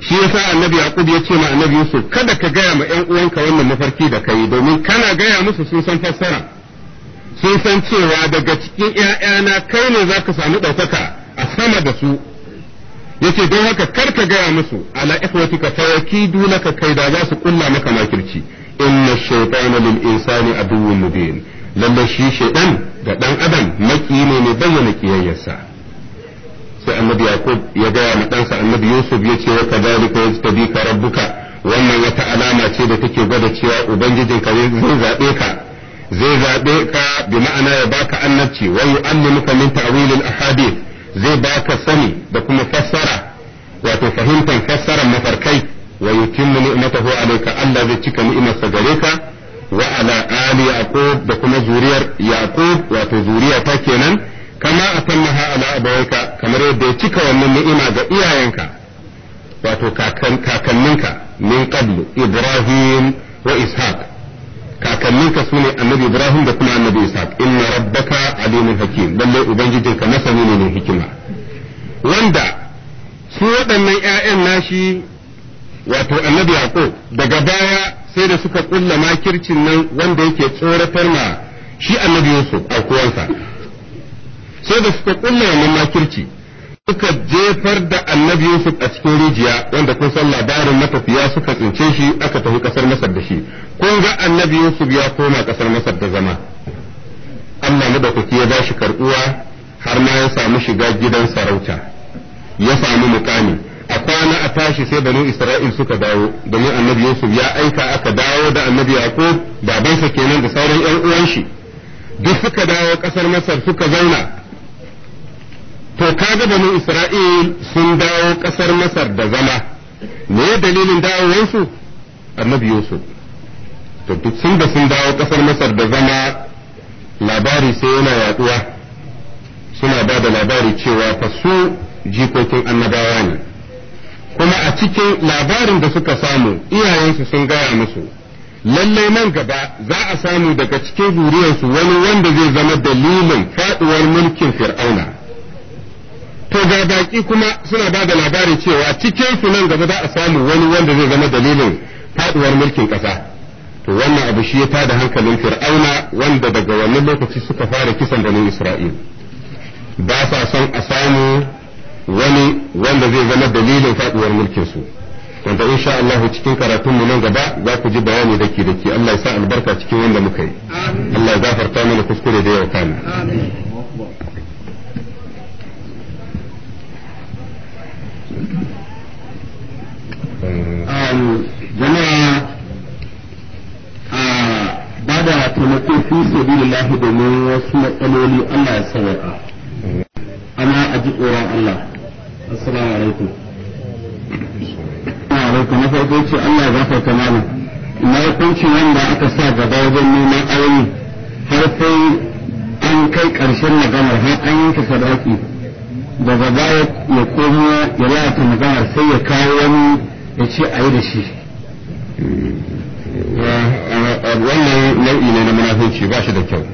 Speaker 1: shi yasa annabi yaqub ya ce ma annabi yusuf kada ka gaya ma ‘yan uwanka wannan mafarki da kai domin kana gaya musu sun san fassara sun san cewa daga cikin ‘ya'yana kai ne za ka samu ɗaukaka a sama da su yace don haka kar ka gaya musu ala ikhwatika dunaka kai da za su kulla maka makirci inna shaytana lil insani aduwwun mubin lalle shi shaytan ga dan adam maki ne mai bayyana kiyayyarsa sai annabi yaqub ya gaya ma ɗansa annabi yusuf ya ce wa kadhalika yajtabika rabbuka wannan wata alama ce da take gwada cewa ubangijinka zai zaɓe ka zai zaɓe ka bi ma'ana ya baka annabci wa yu'allimuka min ta'wilil ahadith zai baka sani da kuma fassara wato fahimtar fassarar mafarkai wa yutimmu ni'matahu alayka Allah zai cika ni'imarsa gare ka wa ala ali yaqub da kuma zuriyar yaqub wato zuriya ta kenan kama atammaha ala abawaika kamar yadda ya cika wannan ni'ima ga iyayenka wato kakanninka min qablu ibrahim wa ishaq kakanninka su ne annabi ibrahim da kuma annabi ishaq inna rabbaka alimun hakim lalle ubangijinka masani ne mai hikima wanda su waɗannan ƴaƴan nashi wato annabi yaqub daga baya sai da suka kulla makircin nan wanda yake tsoratar ma shi annabi Yusuf a kuwansa sai da suka kulla wannan makirci suka jefar da annabi Yusuf a cikin rijiya wanda kun san labarin matafiya suka tsince shi aka tafi kasar Masar da shi kun ga annabi Yusuf ya koma kasar Masar da zama Allah kuke ya bashi karbuwa har ma ya samu shiga gidan sarauta ya samu mukami a kwana a tashi sai banu Isra'il suka dawo domin annabi Yusuf ya aika aka dawo da annabi Yaqub babansa kenan da sauran 'yan uwan shi duk suka dawo ƙasar Masar suka zauna to kaga banu Isra'il sun dawo ƙasar Masar da zama me dalilin dawowansu annabi Yusuf to duk sun da sun dawo ƙasar Masar da zama labari sai yana yaduwa suna ba da labari cewa fasu jikokin annabawa ne kuma a cikin labarin da suka samu iyayensu sun gaya musu lallai nan gaba za a samu daga cikin zuriyarsu wani wanda zai zama dalilin faduwar mulkin fir'auna to ga baki kuma suna ba da labarin cewa cikin su nan gaba za a samu wani wanda zai zama dalilin faduwar mulkin kasa to wannan abu shi ya tada hankalin fir'auna wanda daga wannan lokaci suka fara kisan banin isra'il ba sa son a samu wani wanda zai zama dalilin faɗuwar mulkin su wanda insha Allah cikin karatun mu nan gaba za ku ji bayani dake dake Allah ya sa albarka cikin wanda muka yi Allah ya gafarta mana kuskure da yau kana
Speaker 2: jama'a ba da taimako fi sabilillahi domin wasu matsaloli
Speaker 1: Allah ya sauka ana a ji tsoron Allah assalamu alaikum alaikum na farko ce Allah ya gafarta malam na hukunci wanda aka sa gaba wajen neman aure har sai an kai ƙarshen maganar har an yanke sadaki daga baya ya komo ya lalata maganar sai ya kawo wani ya ce a yi da shi wannan nau'i ne na munafunci ba shi da kyau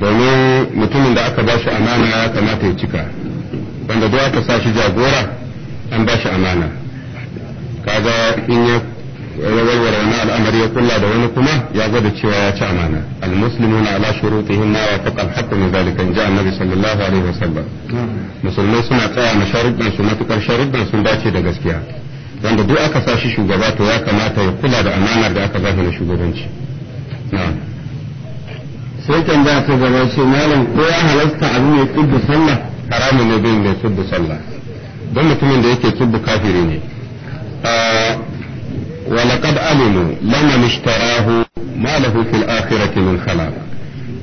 Speaker 1: domin mutumin da aka ba shi amana ya kamata ya cika wanda da aka sa shi jagora an ba shi amana kaga in ya warware wani al'amari ya kulla da wani kuma ya gwada cewa ya ci amana almuslimuna ala shurutihim ma wafaqa al-haqqu min zalika in annabi sallallahu alaihi wasallam musulmai suna tsaya na sharuɗan su matukar sharuɗan sun dace da gaskiya wanda duk aka sa shi shugaba to ya kamata ya kula da amanar da aka bashi na shugabanci na'am sai kan da ta gaba ce malam ko ya halasta abin ya kibbi sallah Haramu ne bin mai tubbu sallah don mutumin da yake tubbu kafiri ne laqad alimu لمن mishtarahu. ma lahu fil akhirati min khalaq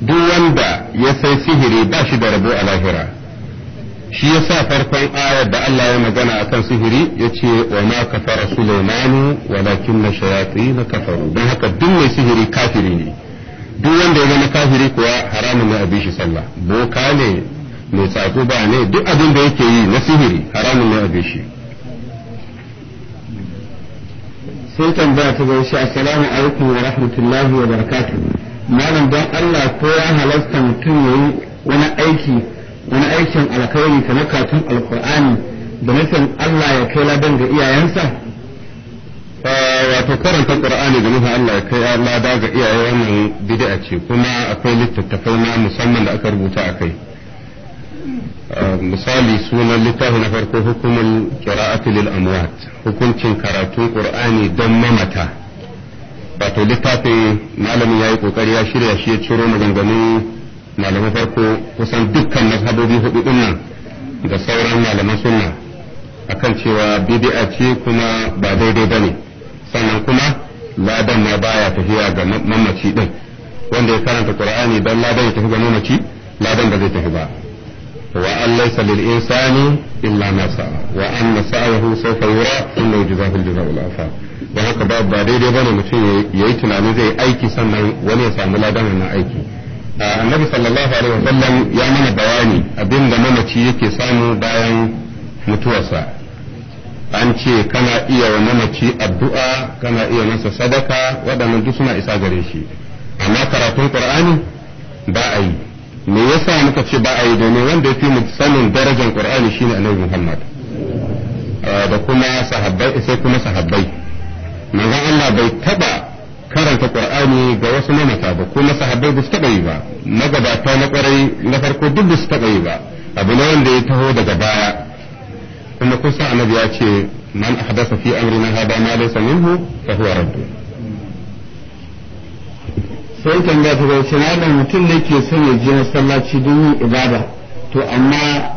Speaker 1: duk wanda ya
Speaker 2: sai sihiri ba
Speaker 1: shi da rabo a lahira shi ya sa farkon ayar da Allah ya magana akan sihiri ya ce wa ma kafara sulaimanu walakin na shayatsi na kafaru don haka duk mai sihiri kafiri ne duk wanda ya zama kafiri kuwa haramun ne a bi shi sallah boka ne mai tsako ba ne duk abin da yake yi na sihiri haramun ne a shi sai tambaya ta gaishe assalamu alaikum wa rahmatullahi wa barakatuh malam don Allah ko ya halasta mutum yayi wani aiki wani aikin alkhairi kamar katun alqur'ani da nufin Allah ya kai ladan ga iyayensa ah, wato karanta qur'ani da nufin Allah ya kai lada ga iyayen wannan bid'a ce kuma akwai littattafai na musamman da aka rubuta akai kai misali sunan littafi na farko hukumin qira'ati lil amwat hukuncin karatu qur'ani don mamata wato littafin malamin yayi kokari ya shirya shi ya ciro maganganun malamin farko kusan dukkan mazhabobi hudu nan da sauran malaman sunna akan cewa bid'a ce kuma ba daidai bane sannan kuma ladan ma baya tafiya ga mamaci din wanda ya karanta qur'ani dan ladan ya tafi ga mamaci ladan ba zai tafi ba وأن ليس للإنسان إلا ما سعى وأن سعيه سوف يرى ثم يجزاه الجزاء الأوفى don haka ba ba daidai ba ne mutum ya yi tunani zai aiki sannan wani ya samu ladan na aiki annabi sallallahu alaihi wasallam ya mana bayani abin da mamaci yake samu bayan mutuwarsa an ce kana iya wa mamaci addu'a kana iya masa sadaka waɗannan duk suna isa gare shi amma karatun qur'ani ba a yi me yasa muka ce ba a yi domin wanda ya fi mu sanin darajar qur'ani shine annabi muhammad ah, da kuma sahabbai sai kuma sahabbai manzon Allah bai taba karanta qur'ani ga wasu mamata ba kuma sahabbai ba su taba yi ba magabata na kwarai na farko duk ba su taba yi ba abu ne wanda ya taho daga baya kuma kusa annabi ya ce man ahdasa fi amrina hada ma laysa minhu fa huwa raddu sai tambaya ta bai sinana mutum ne ke son ya je masallaci don yin ibada to amma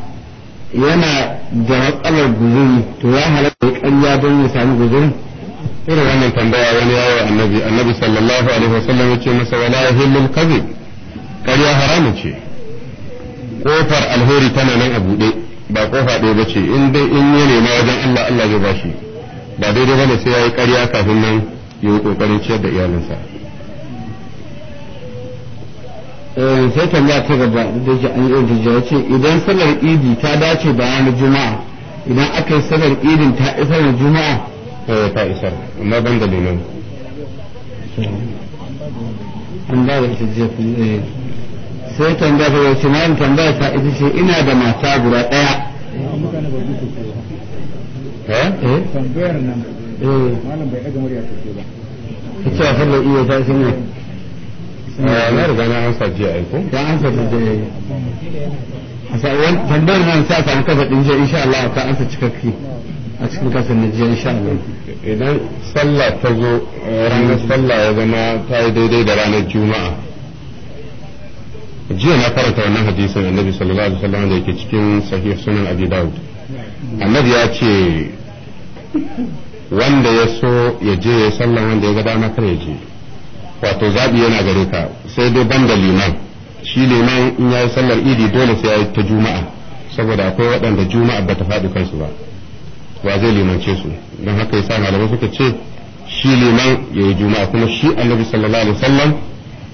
Speaker 1: yana da matsalar guzuri to ya halatta ya don ya sami guzuri ira wannan tambaya wani yawo annabi annabi sallallahu alaihi wasallam ya ce masa wala yahillul kadhib kariya haramun ce kofar alheri tana nan a buɗe ba kofa ɗaya ba ce in dai in ya nema wajen Allah Allah zai bashi ba daidai ba ne sai ya yi ƙarya kafin nan ya yi ƙoƙarin ciyar da iyalinsa
Speaker 2: Eh, sai tambaya ta gaba
Speaker 1: da ke an yi da ce idan salar idi ta dace da bayan juma'a idan aka yi salar idin ta isar da juma'a eh ta isar amma ban da lemon
Speaker 2: an ba da ita jefi eh. sai tambaya ta wace na tambaya ta ita ce ina da mata guda ɗaya eh, eh? tambayar nan eh malam bai ɗaga murya sosai ba ita sallar idi
Speaker 1: ta isar ne Eh, na riga na ansa jiya aiko ya ansa jiya yayi eh. tambayar nan sa ta kasa din jiya insha Allah ta ansa cikakke a cikin kasar na jiya insha Allah idan sallah ta zo eh, ranar sallah ya zama ta yi daidai da ranar juma'a jiya na karanta wannan hadisin annabi sallallahu alaihi wasallam da yake cikin sahih sunan abi daud annabi ya ce wanda ya so ya je ya sallah wanda ya ga dama kar ya je wato zaɓi yana gare ka sai dai ban da liman shi liman in ya yi sallar idi dole sai ya yi ta juma'a saboda akwai waɗanda juma'a ba ta faɗi kansu ba wa zai limance su don haka yasa malamai suka ce shi liman ya yi juma'a kuma shi annabi sallallahu alaihi wasallam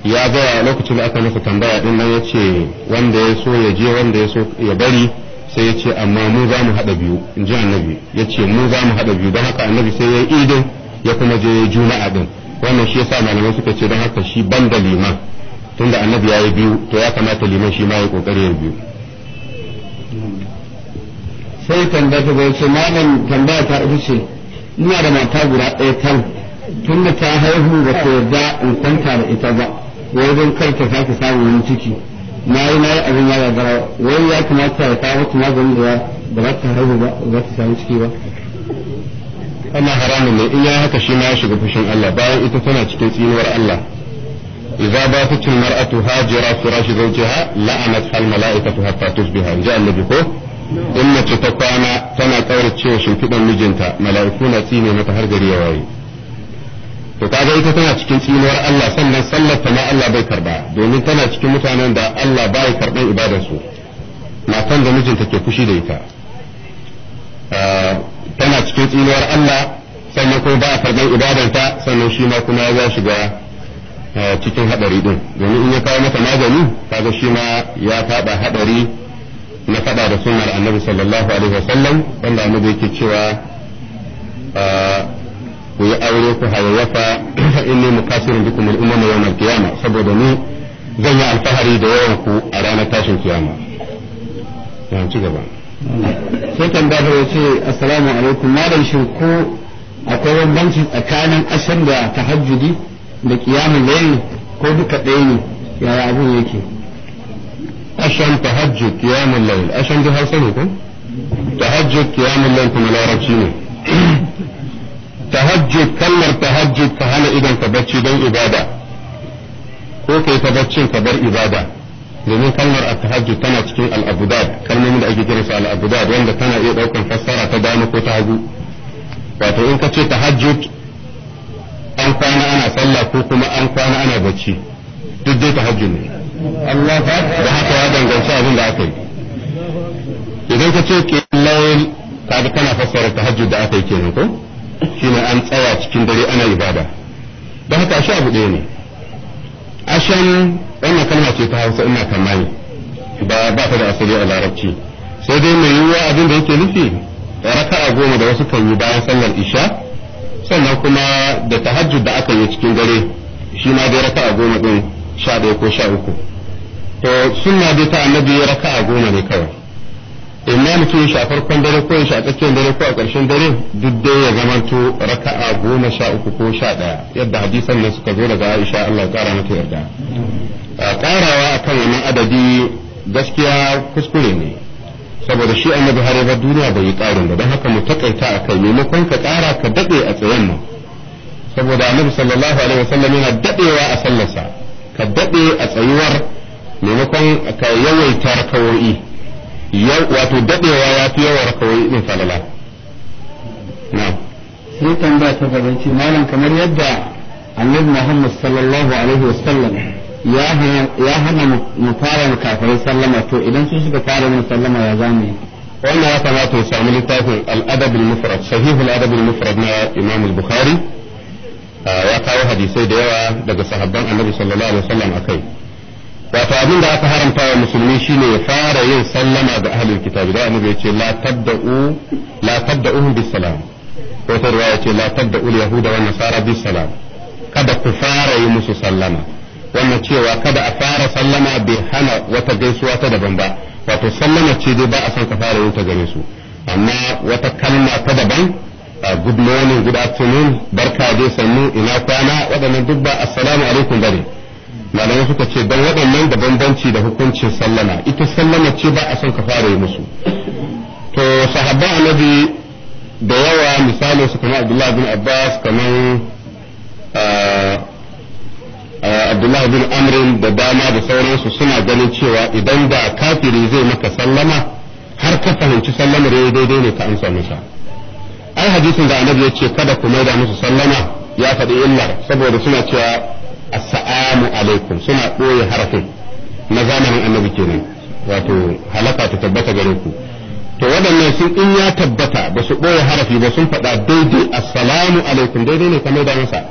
Speaker 1: ya gaya a lokacin da aka masa tambaya din nan ya ce wanda ya so ya je wanda ya so ya bari sai ya ce amma mu za mu haɗa biyu in ji annabi ya ce mu za mu haɗa biyu don haka annabi sai ya yi idin ya kuma je ya juma'a din wannan shi yasa malamai suka ce don haka shi ban da liman tunda annabi ya yi biyu to ya kamata liman shi ma ya kokari ya biyu sai tambaya ta bai ce malam tambaya ta ita ce ina da mata guda ɗaya tan tunda ta haihu ba ta yarda in kwanta da ita ba wajen kar ta sake samun wani ciki na yi na yi abin ya gagara wai ya kamata ya kawo tunazin da ba za ta haihu ba za ta samu ciki ba wannan haramun ne in ya haka shi ma ya shiga fushin Allah bayan ita tana cikin tsinuwar Allah idza batat almar'atu hajira firash zawjiha la'anat almala'ikatu hatta tusbiha inja annabi ko in mace ta kwana tana kauracewa shimfidan mijinta mala'iku na tsine mata har gari ya waye to kaga ita tana cikin tsinuwar Allah sannan sallar ta ma Allah bai karba domin tana cikin mutanen da Allah bai karban ibadarsu matan da mijinta ke fushi da ita cikin tsinuwar Allah sannan kuma ba a karɓar ibadarsa sannan shi ma kuma ya shiga eh, cikin haɗari ɗin domin in ya kawo masa magani kaga shi ma ya faɗa haɗari na faɗa da sunnar annabi sallallahu alaihi wasallam wanda annabi yake cewa ah, ku yi aure ku hayayyafa fa inni mukasirin bikum al-umama yawm al-qiyama saboda ni zan yi alfahari da yawan ku a ranar tashin kiyama. Yan ci gaba.
Speaker 2: sai tambaya ya ce assalamu alaikum malam shin ko akwai bambanci tsakanin ashan da tahajjudi
Speaker 1: da kiyamun layli ko duka ɗaya ne yaya abun yake ashan tahajjud kiyamun layl ashan da hausa ne ko tahajjud kiyamun layl kuma larabci ne tahajjud kallar tahajjud ka hana idan ka bacci don ibada ko kai ta baccin ka bar ibada domin kalmar at-tahajjud tana cikin al-abudad kalmomin da ake kira al-abudad wanda tana iya daukan fassara ta dama ko ta hagu wato in ka ce tahajjud an kwana ana sallah ko kuma an kwana ana bacci duk dai tahajjud ne
Speaker 2: Allah da
Speaker 1: haka ya danganci abin da aka yi idan ka ce qiyamul kaga kana fassara tahajjud da aka yi kenan ko shine an tsaya cikin dare ana ibada don haka shi abu ɗaya ne ashan wannan kalma ce ta hausa ina tsammani ba ba ta da asali a larabci sai dai mai yiwuwa abin da yake nufi raka a goma da wasu kan yi bayan sallar isha sannan kuma da tahajjud da aka yi cikin dare shi ma dai a goma din sha ɗaya ko sha uku to sunna dai ta annabi a goma ne kawai in ma mutum ya farkon dare ko ya a tsakiyar dare ko a ƙarshen dare duk dai ya zamanto raka'a goma sha uku ko sha ɗaya yadda hadisan ne suka zo daga Aisha Allah ya ƙara mata yarda ƙarawa akan wannan adadi gaskiya kuskure ne saboda shi annabi har ya duniya bai yi ƙarin ba don haka mu takaita kai maimakon ka ƙara ka daɗe a tsayen mu. saboda annabi sallallahu alaihi wasallam yana daɗewa a sallarsa ka daɗe a tsayuwar maimakon ka yawaita rakawo'i. yau wato dadewa ya fi yawan rakawai din falala na
Speaker 2: sai tambaya ta gaban ce malam kamar yadda
Speaker 1: annabi Muhammad sallallahu alaihi wasallam ya hana mu fara mu kafirai sallama to idan su suka fara mu sallama ya zamu wannan ya kamata ya samu littafin al-adab al-mufrad sahih al-adab al-mufrad na Imam al-Bukhari ya kawo hadisai da yawa daga sahabban annabi sallallahu alaihi wasallam akai wato abin da aka haramta wa musulmi shine ya fara yin sallama ga ahlul kitabi da annabi yace la tabda'u la tabda'uhum bis salam ko ta riwaya ce la tabda'u yahuda wan nasara bis salam kada ku fara yi musu sallama wannan cewa kada a fara sallama bai hana wata gaisuwa ta daban ba wato sallama ce dai ba a son ka fara yin ta gare su amma wata kalma ta daban good morning good afternoon barka dai sannu ina kwana waɗannan duk ba assalamu alaikum bane malamai suka ce don waɗannan da bambanci da hukuncin sallama ita sallama ce ba a son ka fara yi musu to sahabba annabi da yawa misalin su kamar abdullahi bin abbas kamar ah, ah, abdullahi bin amrin da dama da sauransu suna ganin cewa idan da kafiri zai maka sallama har ka fahimci sallamar yayi daidai ne ka amsa masa ai hadisin da annabi ya ce kada ku maida musu sallama ya faɗi illar saboda suna cewa assalamu alaikum suna ɓoye harafin na zamanin annabi kenan wato halaka ta tabbata gare ku to waɗannan sun in ya tabbata ba su ɓoye harafi ba sun faɗa daidai assalamu alaikum daidai ne kamar da masa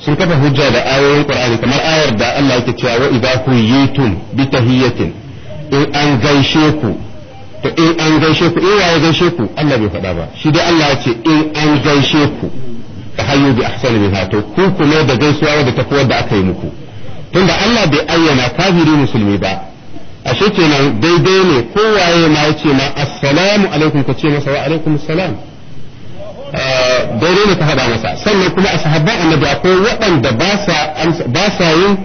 Speaker 1: sun kafa hujja da ayoyin qur'ani kamar ayar da Allah yake cewa wa idza huyitum bi tahiyatin in an gaishe ku to in an gaishe ku in ya gaishe ku Allah bai faɗa ba shi dai Allah ya ce in an gaishe ku hayyu bi ahsani minha to ku kuma da gaisuwa wadda ta wadda aka yi muku tunda Allah bai ayyana kafiri musulmi ba ashe kenan daidai ne kowaye ma yace ma assalamu alaikum ka ce masa wa alaikum ah, daidai ne ka haɗa masa sannan kuma a sahabban annabi akwai waɗanda ba sa yin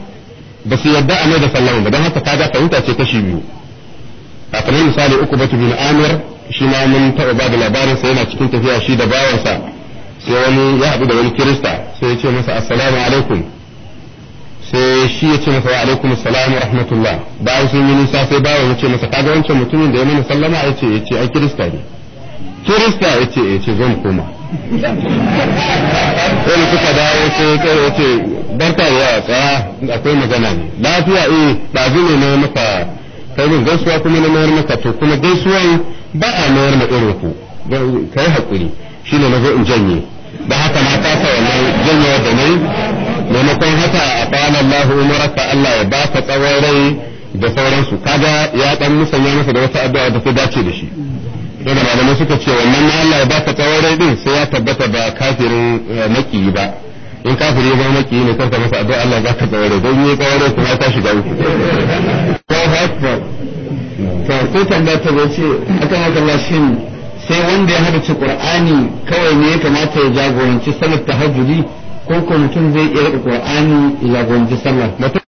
Speaker 1: ba su yarda a da sallama ba don haka ka ga fahimta ce kashi biyu a kamar misali uku batu bin amir shi ma mun taɓa ba da labarin sa yana cikin tafiya shi da bawansa sai wani ya haɗu da wani kirista sai ya ce masa assalamu alaikum sai shi ya ce masa wa alaikum assalamu wa rahmatullah bayan sun yi nisa sai bawa ya ce masa kaga wancan mutumin da ya mana sallama ya ce ya ce a kirista ne kirista ya ce ya ce zan koma
Speaker 2: wani suka dawo sai ya tsaye ya ce
Speaker 1: barka ya tsaya akwai magana ne lafiya eh ba zai ne maka kai min gaisuwa kuma na mayar maka to kuma gaisuwan ba a mayar ma irin ku kai hakuri ne na zo in janye da haka na kasa wannan janyo da ne maimakon haka a kwana Allah umararsa Allah ya ba ka tsawon rai da sauransu kaga ya dan musanya masa da wata addu'a da sai dace da shi da malamai suka ce wannan na Allah ya ba ka tsawon rai din sai ya tabbata ba kafirin eh, maki ba in kafiri ya zama maki ne kanka masa addu'a Allah ya ba ka tsawon rai don yi tsawon rai kuma ta shiga uku
Speaker 2: to sai tambaya ta ce akan haka Allah shin sai wanda ya hadace
Speaker 1: qur'ani
Speaker 2: kawai ne ya kamata ya jagoranci salat tahajjudi ko ko mutum zai iya rika qur'ani ya jagoranci sallah